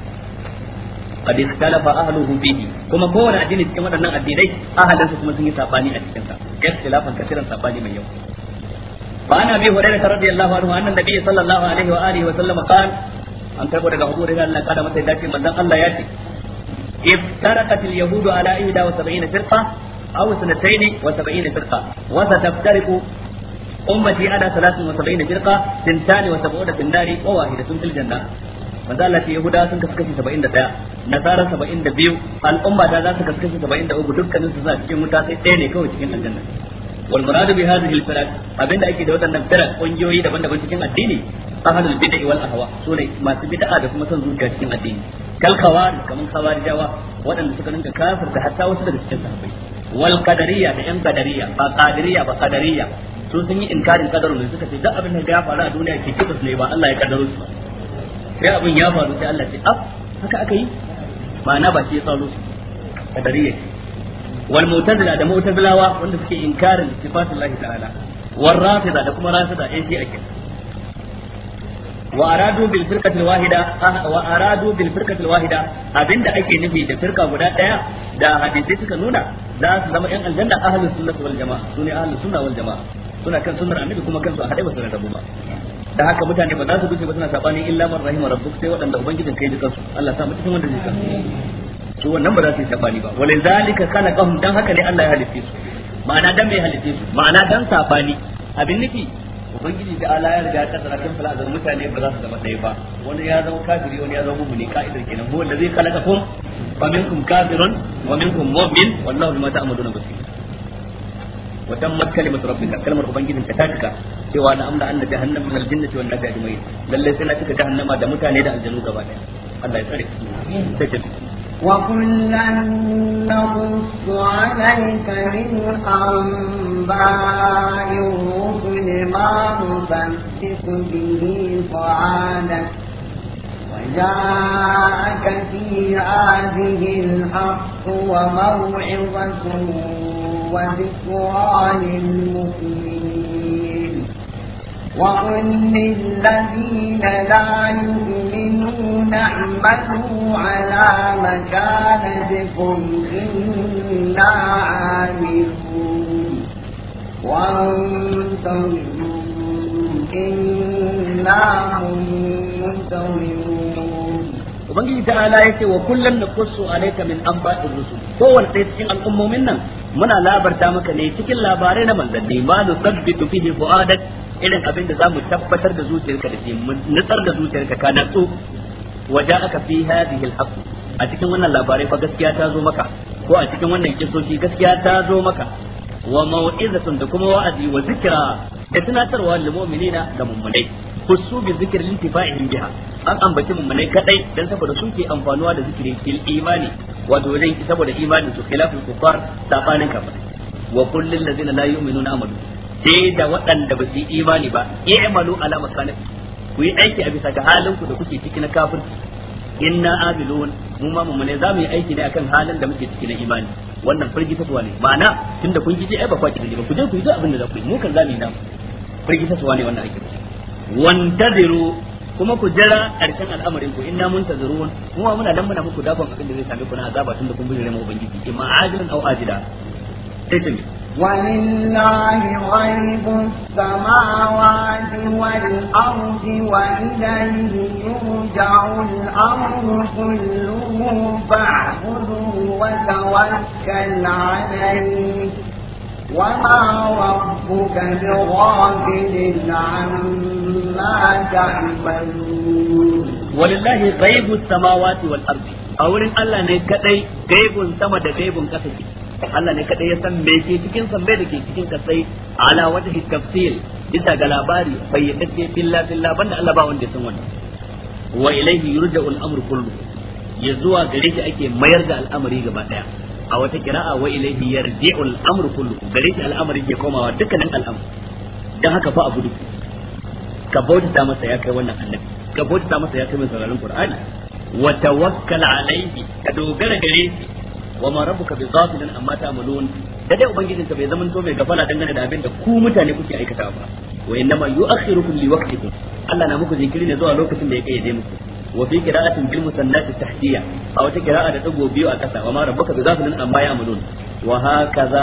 qad ikhtalafa ahluhu kuma kowane addini cikin waɗannan addinai ahalin kuma sun yi sabani a cikin sa ikhtilafan kasiran sabani mai yawa فعن ابي هريره رضي الله عنه ان النبي صلى الله عليه واله وسلم قال an karbo daga Abu Hurairah Allah kada masa dace manzon Allah ya ce iftarakat al-yahud ala 71 firqa aw sanatayn wa 70 ummati ala 73 firqa 72 fi an-nari wa wahidatun fil janna manzo Allah ce yahuda sun kasu kashi 71 nasara 72 al'umma ta za su kasu kashi 73 dukkanin su za su cikin wuta sai ɗaya kawai cikin aljanna wal muradu bi hadhihi al abinda ake da wadannan firaq kungiyoyi daban-daban cikin addini ahlul bid'ah wal ahwa sune masu bid'a da kuma son zuciya cikin addini Kalkawa khawari kaman khawarijawa waɗanda suka ninka kafir da hatta da yan ba su sun yi inkarin kadarun ne suka ce duk abin da ya faru a duniya ke kibas ne ba Allah ya kaddaro su sai abin ya faru sai Allah ce af haka aka yi ma'ana ba shi ya tsaro su kadariya wal mu'tazila da mu'tazilawa wanda suke inkarin lahi ta'ala wal rafida da kuma rafida ai eh, shi ake wa aradu bil firqati wahida ah, wa aradu bil firqati wahida abinda ake nufi da firka guda daya da hadisi suka nuna za su zama yan aljanna ahlus sunnah wal jamaa sunni ahlus sunnah wal jamaa suna kan sunnar annabi kuma kansu a haɗe ba su rabu ba da haka mutane ba za su guje ba suna sabani illa man rahima rabbuk sai waɗanda ubangijin kai dukansu Allah sa mu cikin wanda zai ka su wannan ba za su yi sabani ba walin zalika khalaqahum dan haka ne Allah ya halitte su ma'ana dan mai halitte su ma'ana dan sabani abin nufi ubangiji da ala ya riga ya kaddara kan fala mutane ba za su zama ɗaya ba wani ya zama kafiri wani ya zama mumuni ka'idar kenan huwa allazi khalaqakum fa minkum kafirun wa minkum mu'min wallahu bima ta'maluna basir wa tammat kalimatu rabbika kalmar ubangijin ta cika cewa na amla anna jahannama min aljinnati wan nasi ajma'in lalle sai na cika jahannama da mutane da aljanu gaba daya Allah ya tsare sai ce وكلا جاءك في هذه الحق وموعظة وذكرى للمؤمنين وقل للذين لا يؤمنون اعملوا على مكانتكم إنا عاملون وانتظروا إنا منتظرون ubangiji ya ce wa kullun naqussu alaika min anba'ir rusul kowane ɗaya cikin al'ummomin nan muna labarta maka ne cikin labarai na manzanni ma nusabbitu fihi fu'adak irin abin da zamu tabbatar da zuciyarka da shi nutsar da zuciyarka ka natsu waja'aka fi hadhihi al a cikin wannan labarai fa gaskiya ta zo maka ko a cikin wannan kisoshi gaskiya ta zo maka wa mau'izatun da kuma wa'azi wa zikra da tunatarwa lil mu'minina da mummunai khusu bi zikr lintifa'ihim biha an ambaci mummunai kadai dan saboda suke amfanuwa da zikirin fil imani wato wajen saboda imanin su khilafin kuffar sabanin kafa wa qul lil ladzina la yu'minuna amalu sai da waɗanda ba su imani ba i'malu ala makanif ku yi aiki a bisa ga halin ku da kuke ciki na kafirci inna amilun mu ma mummunai za mu yi aiki ne akan halin da muke ciki na imani wannan firgitarwa ne ma'ana tunda kun ji ai ba kwaki da ba ku je ku yi abin da za ku yi mu kan za mu yi namu firgitarwa ne wannan ake wantaziru kuma ku jira karshen al'amarin ku inda muntaziru kuma muna dan muna muku dakon abin da zai same ku na azaba tun da kun bijire mu ubangiji in ma ajirin aw ajida sai tumi walillahi ghaibu samawati wal ardi wa ilayhi yurja'ul amru kulluhu fa'budhu wa tawakkal 'alayhi وما ربك بغافل عما ما تعملون ولله غيب السماوات والأرض أولين الله نكتي غيب سما دا غيب كتي الله نكتي يسمى بيكي تكين سمى بيكي تكين كتي على وجه التفصيل bisa ga labari bayyadacce billa billa banda Allah ba wanda ya san wannan wa ilayhi yurja'u al-amru ya zuwa gare shi ake mayar da al'amari gaba a wata kira'a wa ilaihi yarji'u amru kullu gare shi al'amari ke komawa dukkanin al'amari dan haka fa abudu ka bauta masa ya kai wannan annabi ka bauta masa ya kai mai sauraron qur'ani wa tawakkal alayhi ka dogara gare shi wa ma rabbuka bi ghafilin amma ta'malun da dai ubangijin ka bai zaman to mai gafala dangane da abin da ku mutane kuke aikata ba wa innama yu'akhirukum li waqtikum Allah na muku jinkiri ne zuwa lokacin da ya kai ya muku wa fi qira'atin bil musannati tahtiya a ta qira'a da dago biyu a kasa wa ma rabbuka bi ghafilin amma ya'malun wa hakaza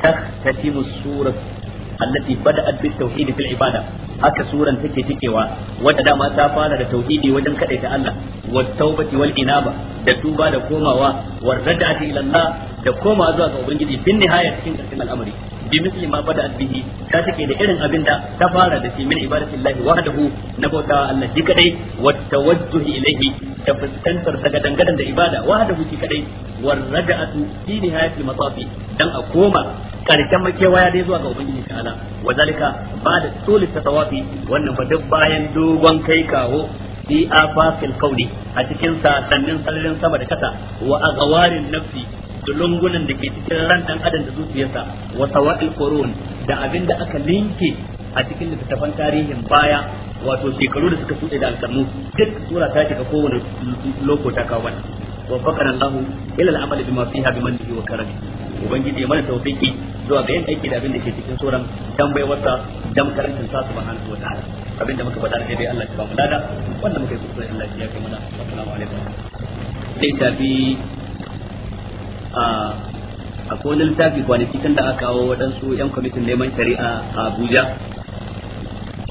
tahtatimu suratu allati bada'at bit tauhid fil ibada haka suran take tikewa wadda dama ta fara da tauhidi wajen ta Allah wa tawbati wal inaba da tuba da komawa wa rad'ati ila Allah da komawa zuwa ga ubangiji bin nihayat cikin karshen al'amari bi misli ma bada'at bihi ta take da irin abin da ta fara da shi min ibadatillahi wahdahu na bautawa Allah shi kadai wa tawajjuhi ilayhi da fuskantar daga dangadan da ibada wahdahu shi kadai wa rad'atu fi nihayatil matafi dan a koma karshen makewaya dai zuwa ga ubangiji ta'ala wa zalika ba'da ta tawafi wannan fa duk bayan dogon kai kawo fi afafil kauni a cikin sasannin sararin sama da kasa wa agawarin nafsi da lungunan da ke cikin ran dan adam da zuciyarsa wa sawa'il qurun da abinda aka linke a cikin littattafan tarihin baya wato shekaru da suka shuɗe da alƙarnu duk sura ta shiga kowane lokota kawai وفقنا الله الى العمل بما فيها بمنه وكرمه ubangiji mana tawfiki zuwa ga yin aiki da abin da ke cikin suran tambayarsa dan karantin sa subhanahu wataala abin da muka faɗa da dai Allah ya ba mu dada wanda muka yi kuskure Allah ya kai mana assalamu alaikum ta tafi a a wani littafi kwanaki kan da aka kawo waɗansu 'yan kwamitin neman shari'a a abuja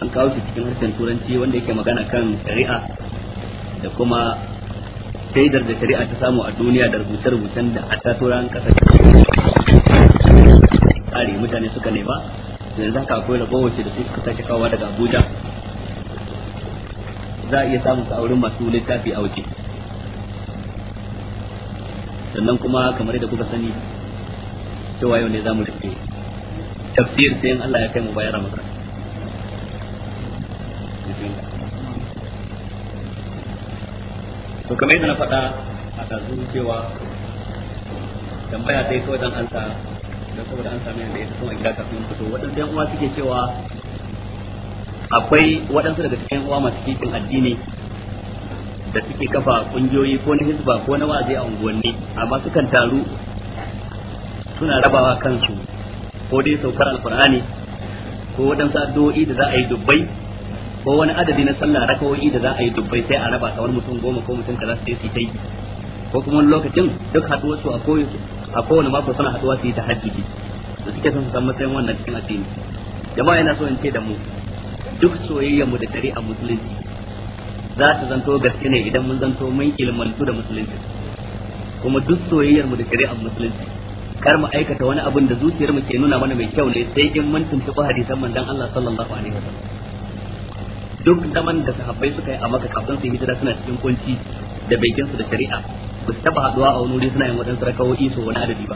an kawo shi cikin harshen turanci wanda yake magana kan shari'a da kuma shaidar da shari'a ta samu a duniya da rubuce-rubucen da a ta tura an kasar tsari mutane suka nema yanzu haka akwai wace da su suka sake kawowa daga abuja za a iya samun sa wurin masu littafi a waje sannan kuma kamar yadda kuka sani cewa yau ne za mu rufe tafsir sai in Allah ya kai mu bayar makar to kamar yadda na faɗa a tazu cewa tambaya dai kawai dan ansa da saboda an sami yadda ya son a gida kafin fito waɗansu yan uwa suke cewa akwai waɗansu daga cikin uwa masu kifin addini da suke kafa ƙungiyoyi ko na hisba ko na wa'azi a unguwanni amma sukan taru suna rabawa kansu ko dai saukar alfurani. ko waɗansu addu'o'i da za a yi dubbai ko wani adadi na sallah rakawoyi da za a yi dubbai sai a raba kamar mutum goma ko mutum kaza sai su yi ko kuma wani lokacin duk haɗuwar su a kowane mako suna haɗuwa su yi ta hajjiji da suke son su san matsayin wannan cikin addini jama'a yana so in ce da mu duk soyayyar mu da tare a musulunci za ta zanto gaske ne idan mun zanto mun ilmantu da musulunci kuma duk soyayyar mu da a musulunci kar mu aikata wani abin da zuciyar mu ke nuna mana mai kyau ne sai in mun tuntuɓi hadisan manzon Allah sallallahu alaihi wasallam duk zaman da sahabbai suka yi a maka kafin su hijira suna cikin kunci da bai su da shari'a ba su taba haduwa a wani wuri suna yin waɗansu rakawoyi so wani adadi ba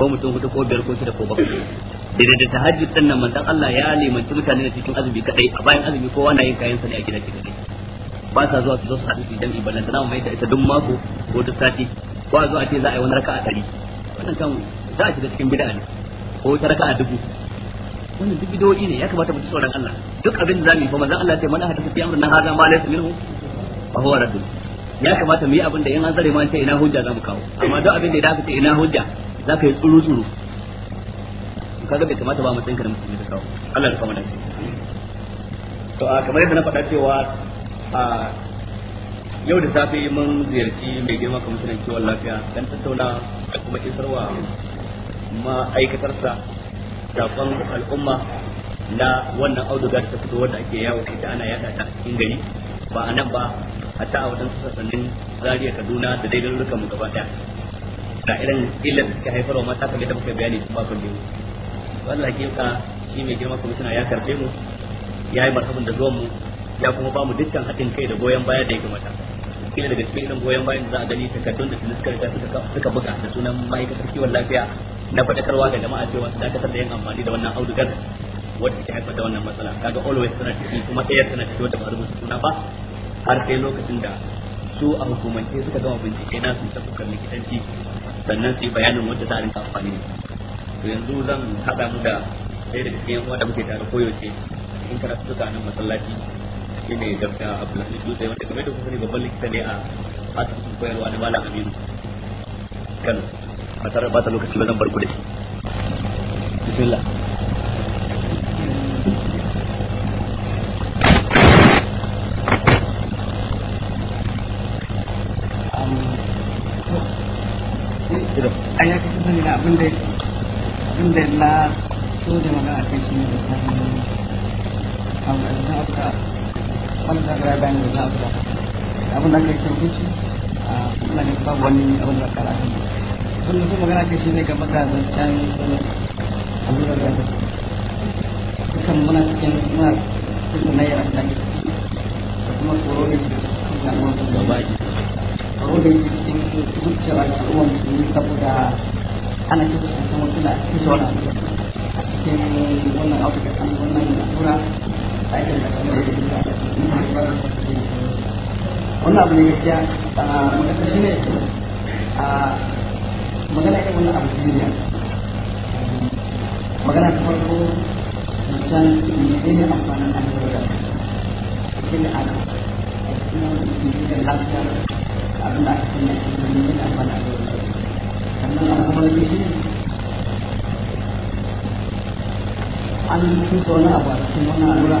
ko mutum hudu ko biyar ko shida ko bakwai daidai da tahajjud din nan manzon Allah ya limanci mutane da cikin azumi kadai a bayan azumi kowa na yin kayan sa ne a gida shi kadai ba sa zuwa su zo su hadu su jam'i ballan tana mai da ita duk mako ko duk sati ko a zo a ce za a yi wani raka'a ɗari wannan kan za a shiga cikin bid'a ne ko ta raka'a dubu wannan duk bidoyi ne ya kamata mu ci tsoron Allah duk abin da zamu yi fa manzon Allah sai mana hadisi fi amrin hazan ma laysa minhu fa huwa radd ya kamata mu yi abin da in an zare mu an ce ina hujja zamu kawo amma duk abin da ya dace ina hujja zaka yi tsuru tsuru kaga bai kamata ba mu tsinka mu mutum da kawo Allah ya kama da to a kamar yadda na faɗa cewa a yau da safe mun ziyarci mai girma kamar sunan kiwon lafiya dan tattauna da kuma isarwa ma ma'aikatarsa shafan al'umma na wannan auduga da ta fito wanda ake yawo ita ana yada ta cikin gari ba a nan ba a ta wajen sassanin zariya kaduna da dai rukan mu gaba daya ga irin illar da haifar haifarwa mata kamar da muka bayani tun bakon lewu wannan hakika shi mai girma kwamishina ya karbe mu ya yi marhaban da zuwan mu ya kuma ba mu dukkan haɗin kai da goyon baya da ya kamata kila daga cikin irin goyon bayan da za a gani takardun da suka ta suka buga da sunan ma'aikatar kiwon lafiya na faɗakarwa ga jama'a cewa su dakatar da yin amfani da wannan audugar wadda ke haifar da wannan matsala kaga always tana ciki kuma ɗaya tana ciki wadda ba rubuta suna ba har sai lokacin da su a hukumance suka gama bincike na su ta likitanci sannan su yi bayanin wadda za a rinka amfani da to yanzu zan haɗa mu da ɗaya daga cikin yan uwa da muke tare koyaushe in karatu suka nan masallaci ini ne dafta abdullahi dutse wanda kamar da kuka babban likita ne a asibitin koyarwa na kan a tare ba ta lokaci ba bismillah a ya kasu sani na abin da abin da na so da wannan ta gara bayan da ta abu abin da aka yi kirkuci a kuma ne babu wani abin da kara kan sun da magana kai shi ne game da zancen allurar da ta dukkan muna cikin muna cikin na yi da ake kuma tsoro da ke cikin damuwar da ba ji tsoro da yake cikin zuciyar al'ummar musulmi saboda ana cikin sun mutum a cikin wannan auduga wannan lura wannan abu ne gaskiya magana shi ne magana irin wannan abu shi ne magana ta farko mutan ne ne amfanin annabawa shi ne ana a cikin lafiyar abin da aka shi ne ne amfanin annabawa sannan abu kuma ne shi ne an tuka wani abu a cikin wannan allura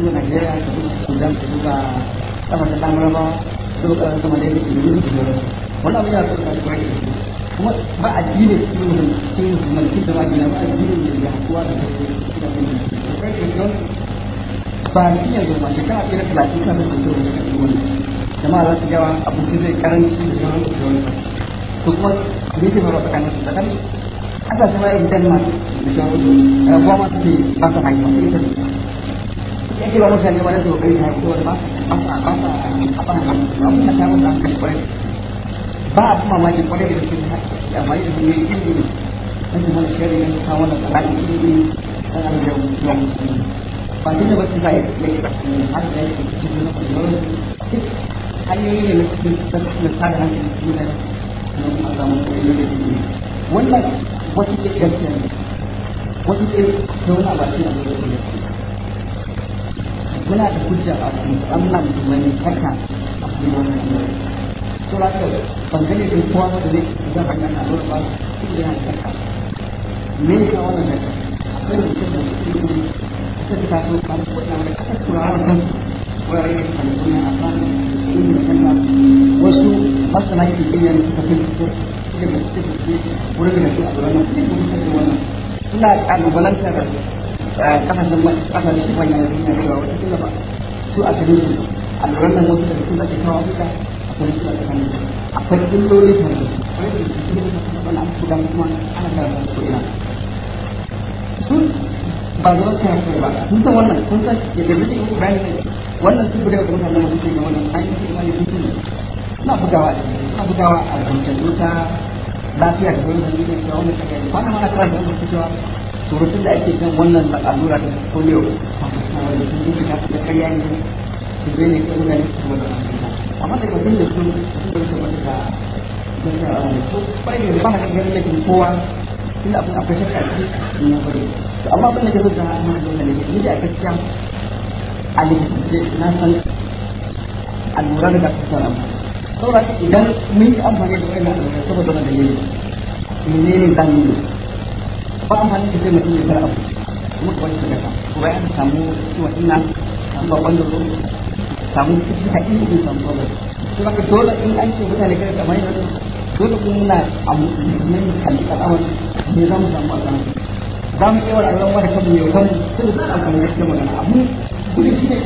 ಇದು semua yang ಸಿಗುಗ ತಮ್ಮ ತಂಗಳವ ತಮ್ಮ ದೇವಿ ತಿಳಿದು ಒಳ್ಳೆ yake a mutane a su a ne ko a a sa a ba mun a mun an kai kwarai ba abu mamaki kwarai da cikin ya mai da ne ilimi dan mun shari ne ta wannan tsakanin ilimi dan an da yau ba dinda ba sai ya yi har da yake cikin wannan hanyoyi ne na cikin tsada hankali cikin da mun samu kwarai da ilimi wannan wasu ke gaskiya ne a ke zauna ba shi ne muna da kujja a musamman wani saka a cikin wannan yanayi to haka ban gane da kowa ba da zai zan haka na lura ba cikin yana da me ya kawo wannan haka akwai mutum da suke yi ta fi taso kan da aka kan da kan suna a kan wasu fi fito da suke wurin da su a wurin wani. wannan suna kalubalantar kafashin kafashin wannan yana cewa wata tunda ba su a cikin su da nan wasu daga cikin ake kawo a akwai su a cikin su akwai illoli tare da su wani da su ne wani abu guda kuma ana da wani ko ina su ba zama ta ba sun san wannan sun san ya da mutum ibrahim ne wannan su guda ga mutanen mutum ne wannan an yi imani mutum ne suna bugawa suna bugawa a zancen ta lafiya da wani dalili da wani tsakani mana da wani cewa surutun da ake kan wannan allura da polio wanda sun yi shiga da karya ne su zai ne kuma ne su amma da da su wata ko ba ka ganin kowa tunda abin ce ne bari to amma abin da ke zuwa amma da ne ni da a na san allura da ka saboda idan mun yi amfani da wannan alƙalai saboda wannan dalili menene zan yi ba amfani da zai mutum ya fara abu kuma kawai su daga ko bayan samu ciwon ina samu babban da zo samu cututtuka ina in samu babban su ba dole in an ce mutane kada da mai wani dole kuma muna a musulmi kalli al'amari ne za mu samu al'amari za mu iya wa al'amari kan mu yau kan mu sai da su al'amari ya ce magana amma kudi shi ne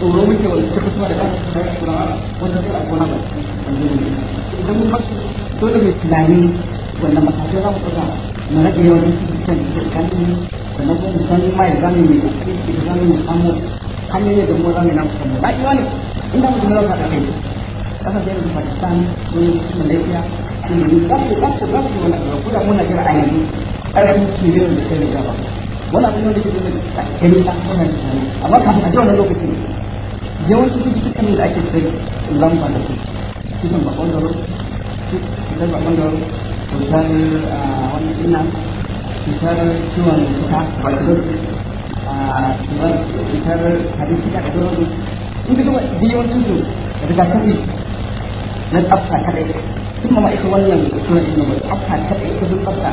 tsoro muke wanda ta da kan sai Qur'an wanda sai a gona idan mun dole mai tunani wannan za mu ɗauka mu rage yawan cikin da sannan kuma mu san mai da samu mu ba iya ne inda mu zama ka kai kasar da yanzu Pakistan mun su Malaysia mun yi muna jira a yanzu ƙarfin da wannan abin da da amma kafin a ji wannan lokacin yawanci cututtukan ne da ake sai lamba da su cikin bakon doro cutar bakon ah, doro cutar wani suna cutar ciwon suka bakon ah, cutar hadin shida da doro in ka duba yawanci su rigakafi na tsafta kadai sun mama ita wannan suna ilimin ba tsafta kadai ita sun tsafta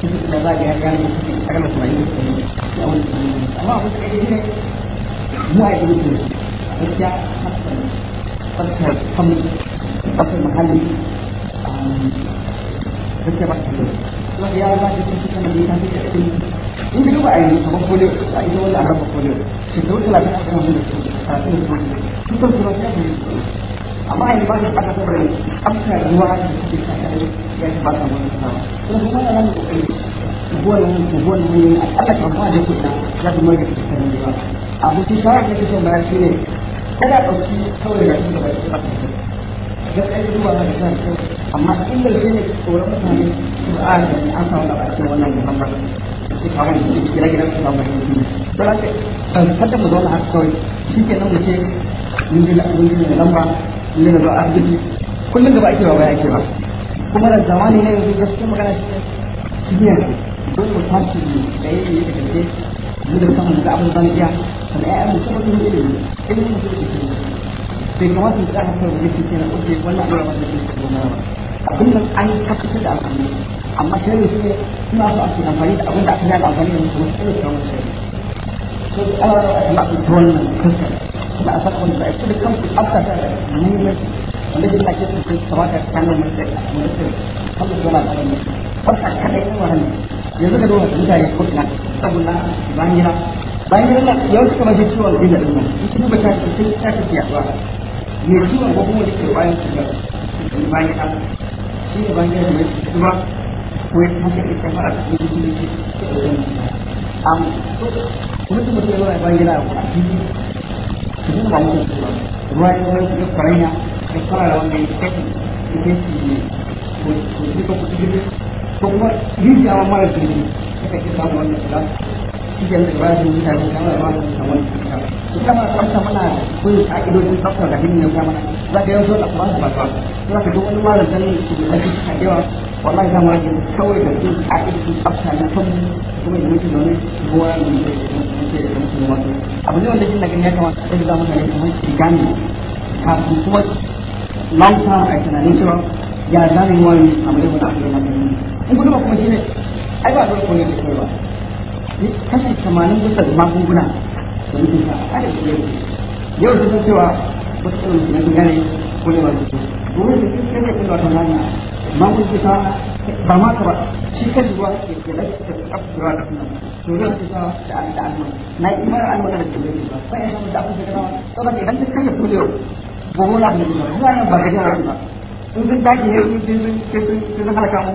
cikin da za a ga gane cikin karnar tunani da kuma amma abin da ya yi ne mu a yi gaskiya tsakar kan tsakar muhalli um, gaskiya ba ta da ya ba ta cikin kan da ta cikin in ayi polio a ita wanda an polio shekaru talatin a kan wanda su talatin da su su kan kuma ta yi amma ayi ba ta aka saboda amsa ruwa da suke shakar ya ta ba ta wani sanawa kuma kuma yana da kokari guwan guwan ne a ƙasa kan ba da kuɗa ya fi mai abu su shawar da suke ne kada ɗauki kawai da kuma da kuma don ɗaya zuwa na da shan kyau amma inda shi ne tsoron mutane su a da ni an samu da ɓace wannan muhammad su kawo da su gina gina su kawo da su don haka kada mu zauna haka kawai shi ke nan mu mun ji da lamba mun ji da zuwa arziki kullum gaba ake ba baya ake ba kuma da zamani ne yanzu gaskiya magana shi ne dole mu tashi da yayi da kake mu da kanmu a abin zan iya sannan ƴaƴan mu kuma mun ilimi ilimi mu suke cikin bai kamata mu tsaya kan wani cikin na oke wannan abin da ke cikin gona ba da al'amari amma sai ne sai suna so a ce amfani da abin da aka yi amfani da mutum sai ne kawo sai to Allah ya kama ku a saka wani sai da kanku afta ta muhimmanci wanda zai sake su kamata kan yanzu ka duba mutane ko ina saboda bayan gida bayan gida yau suka mace ciwon gida ɗin nan in duba ta ce ta ce ba ne ciwon ko kuma ke bayan gida bayan gida shi ne bayan gida ne kuma ko ya ta ce ta fara cikin gida shi am mutum mutum ya bayan gida ko a cikin cikin ba mutum ruwa ya wani kuma kwaranya ya fara da wanda ya ce ta ce ne ko ko duka kuɗi kuma rijiya ma mara jirgi suka ke samu wannan kula shi ke da bayan mutane kan da bayan samu wannan kula su kama tsafta mana koyi ka'idodin tsafta da hannun kama za ka yanzu da kuma ba ba za ka duk wani malam dan su da shi ka yawa wallahi za mu rage kawai da su ka'idodin tsafta na kan kuma da mutum ne ruwa da mutum ne wato abu ne wanda jin gani ya kamata a ɗaga mutane kamar su gane kafin kuma long term a tunanin cewa ya zane wani abu ne wanda ake yi in guduma kuma shi ne ai ba dole kuma ne su ba kashi tamanin bisa magunguna da mutum sa a da shi yau sun cewa wasu tsarin mutum sun gane ko ne ba su domin da duk kanta kuma ta nana magunguna ba ma ka ba shi kan ruwa ke ke lafiya da kafura da kuma to zan ci sa da an da an na yi mara an magana da ke ba sai ya samu da abin da kana saboda idan ka kashe kuɗi gobe na da kuma ba ka jira ba sun sun dage ne sun sun sun sun halaka mu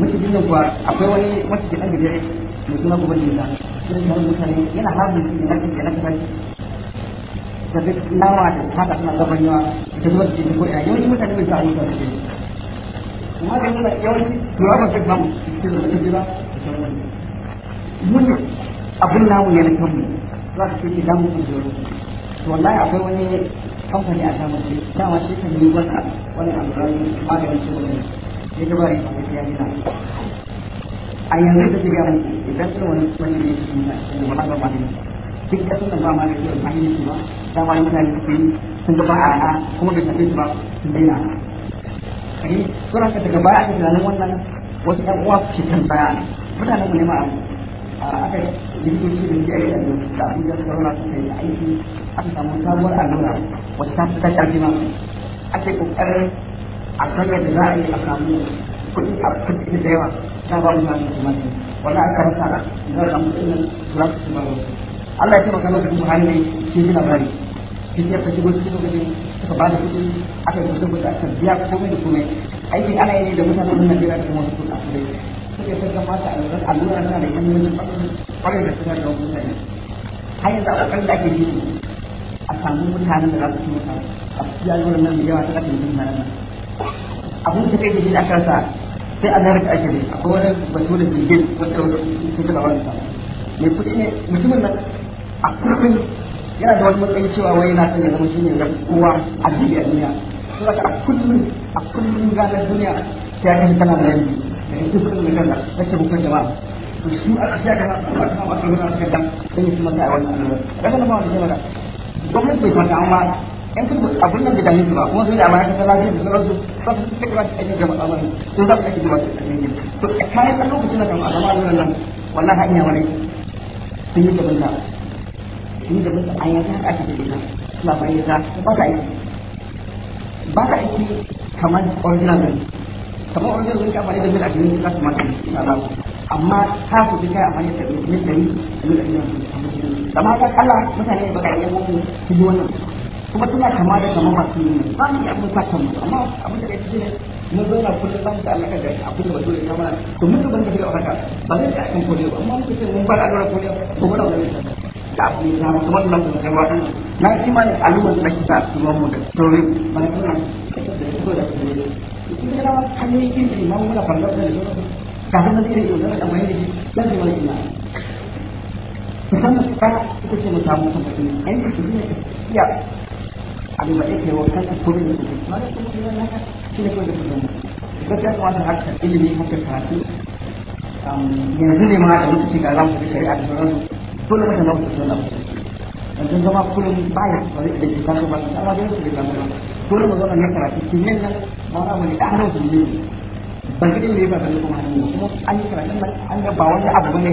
macijin nan kuwa akwai wani macijin ɗan gajere mai suna kuma jinta shi ne mutane yana harbin cikin na cikin na kasar da duk lawa da haka suna gaban yawa da zuwa cikin ko ina yawanci mutane bai sa a yi sa cikin kuma da nuna yawanci turawa ba cikin mamu cikin da cikin jira mun abin namu ne na kanmu za ka cikin damu su zoro to wallahi akwai wani kamfani a samun shi dama shi kan yi wata wani abu da maganin wani. sai ta bari sai ta yi a yanzu da shiga mai idan sun wani wani ne su yi da wani ba magani duk da sun ba ma da kiwon hanyar su ba da wani mutane su yi sun ga a rana kuma bai shafe su ba sun daina kai sura ka daga baya a tunanin wannan wasu ɗan uwa su kan baya mutanen mu ne ma aka likitoci da ke aiki a yau da abin da suka rana suka yi aiki aka samu sabuwar allura wata ta fi ta ƙarfi ta ake ƙoƙarin a kan yadda za a yi a samu kuɗi a kuɗi da yawa ta ba mu mamu kuma ne wala a kan sara za a samu kuɗin nan za su ba mu Allah ya taimaka maka kuma hali ne shi ji labari shi ya fashi gudu suka gaji suka ba da kuɗi aka yi kuɗin kuɗi aka biya komai da komai aiki ana yi da mutanen wannan jira da kuma wasu kuɗi a kuɗi suke san kamata a lura allura na da yan wani kwarai da suna da wani mutane har yanzu a ƙoƙarin da ake shi a samu mutanen da za su ci mutane a su cikin allurar nan da yawa ta ƙasar jin nan abin da kai da shi aka sa sai a nan ake ne akwai wani batu da bilgin wata sun fi labarin sa mai kuɗi ne mutumin nan a kurkun yana da wani matsayi cewa wai yana son ya zama shi ne na kowa a duniya duniya sun a kullum a kullum ranar duniya sai ya kashe tana da yanzu da yanzu kuɗin da kanna na ce bukun jama'a to su a a aka na kama a kan wani kan dan sun yi su mata a wannan annobar. Ƙasar da ba wani jama'a gwamnati bai fata amma in kun abin nan da dame ba kuma sai da amana ta lafiya da sauran su su take ba ake gama al'amarin sun za su ake gama al'amarin to a kayan ɗan lokacin da kama al'amarin nan wallahi an yawa sun yi gaban da sun yi gaban da an yata ake da ita suna ba ba ka ba ka aiki kamar original ne kamar original ne ka da mil abin da za su amma ta su fi kai amfani da yi ɗari da mil da mil da mil ɗari da mil ɗari da mil ɗari da mil ɗari kuma tana kama da kama masu yi ba mu yi abin sa kan amma abin da yake ne mun na kullum ban da Allah ka da abin da bazo ya kama to mun ban da da ka ba zai ka kan kole ba amma mun ce mun fara da kole to ba da wani da abin da mu kuma nan mun kai wa na shi ma ne aluwan da kisa su mu da tori ba na tana da ko da su ne ma kan ne kin ji ma mun da da ne ka ga irin da ne da ta ta mu samu kuma ai ne arba'in ne wa kasa kurin da suke ma da kuma ilimin haka ne kawai da kuma gaskiya kuma ta harkar ilimi um, ne ma da lokaci ga za mu fi shari'a da sauransu dole mata ma ku so na yanzu zama kullum baya ba zai da jikin su ba su tsara da su da zama ba dole mu ne karatu kimiyyar nan ba na wani ne ba ne ba ba ne kuma hannun abu ne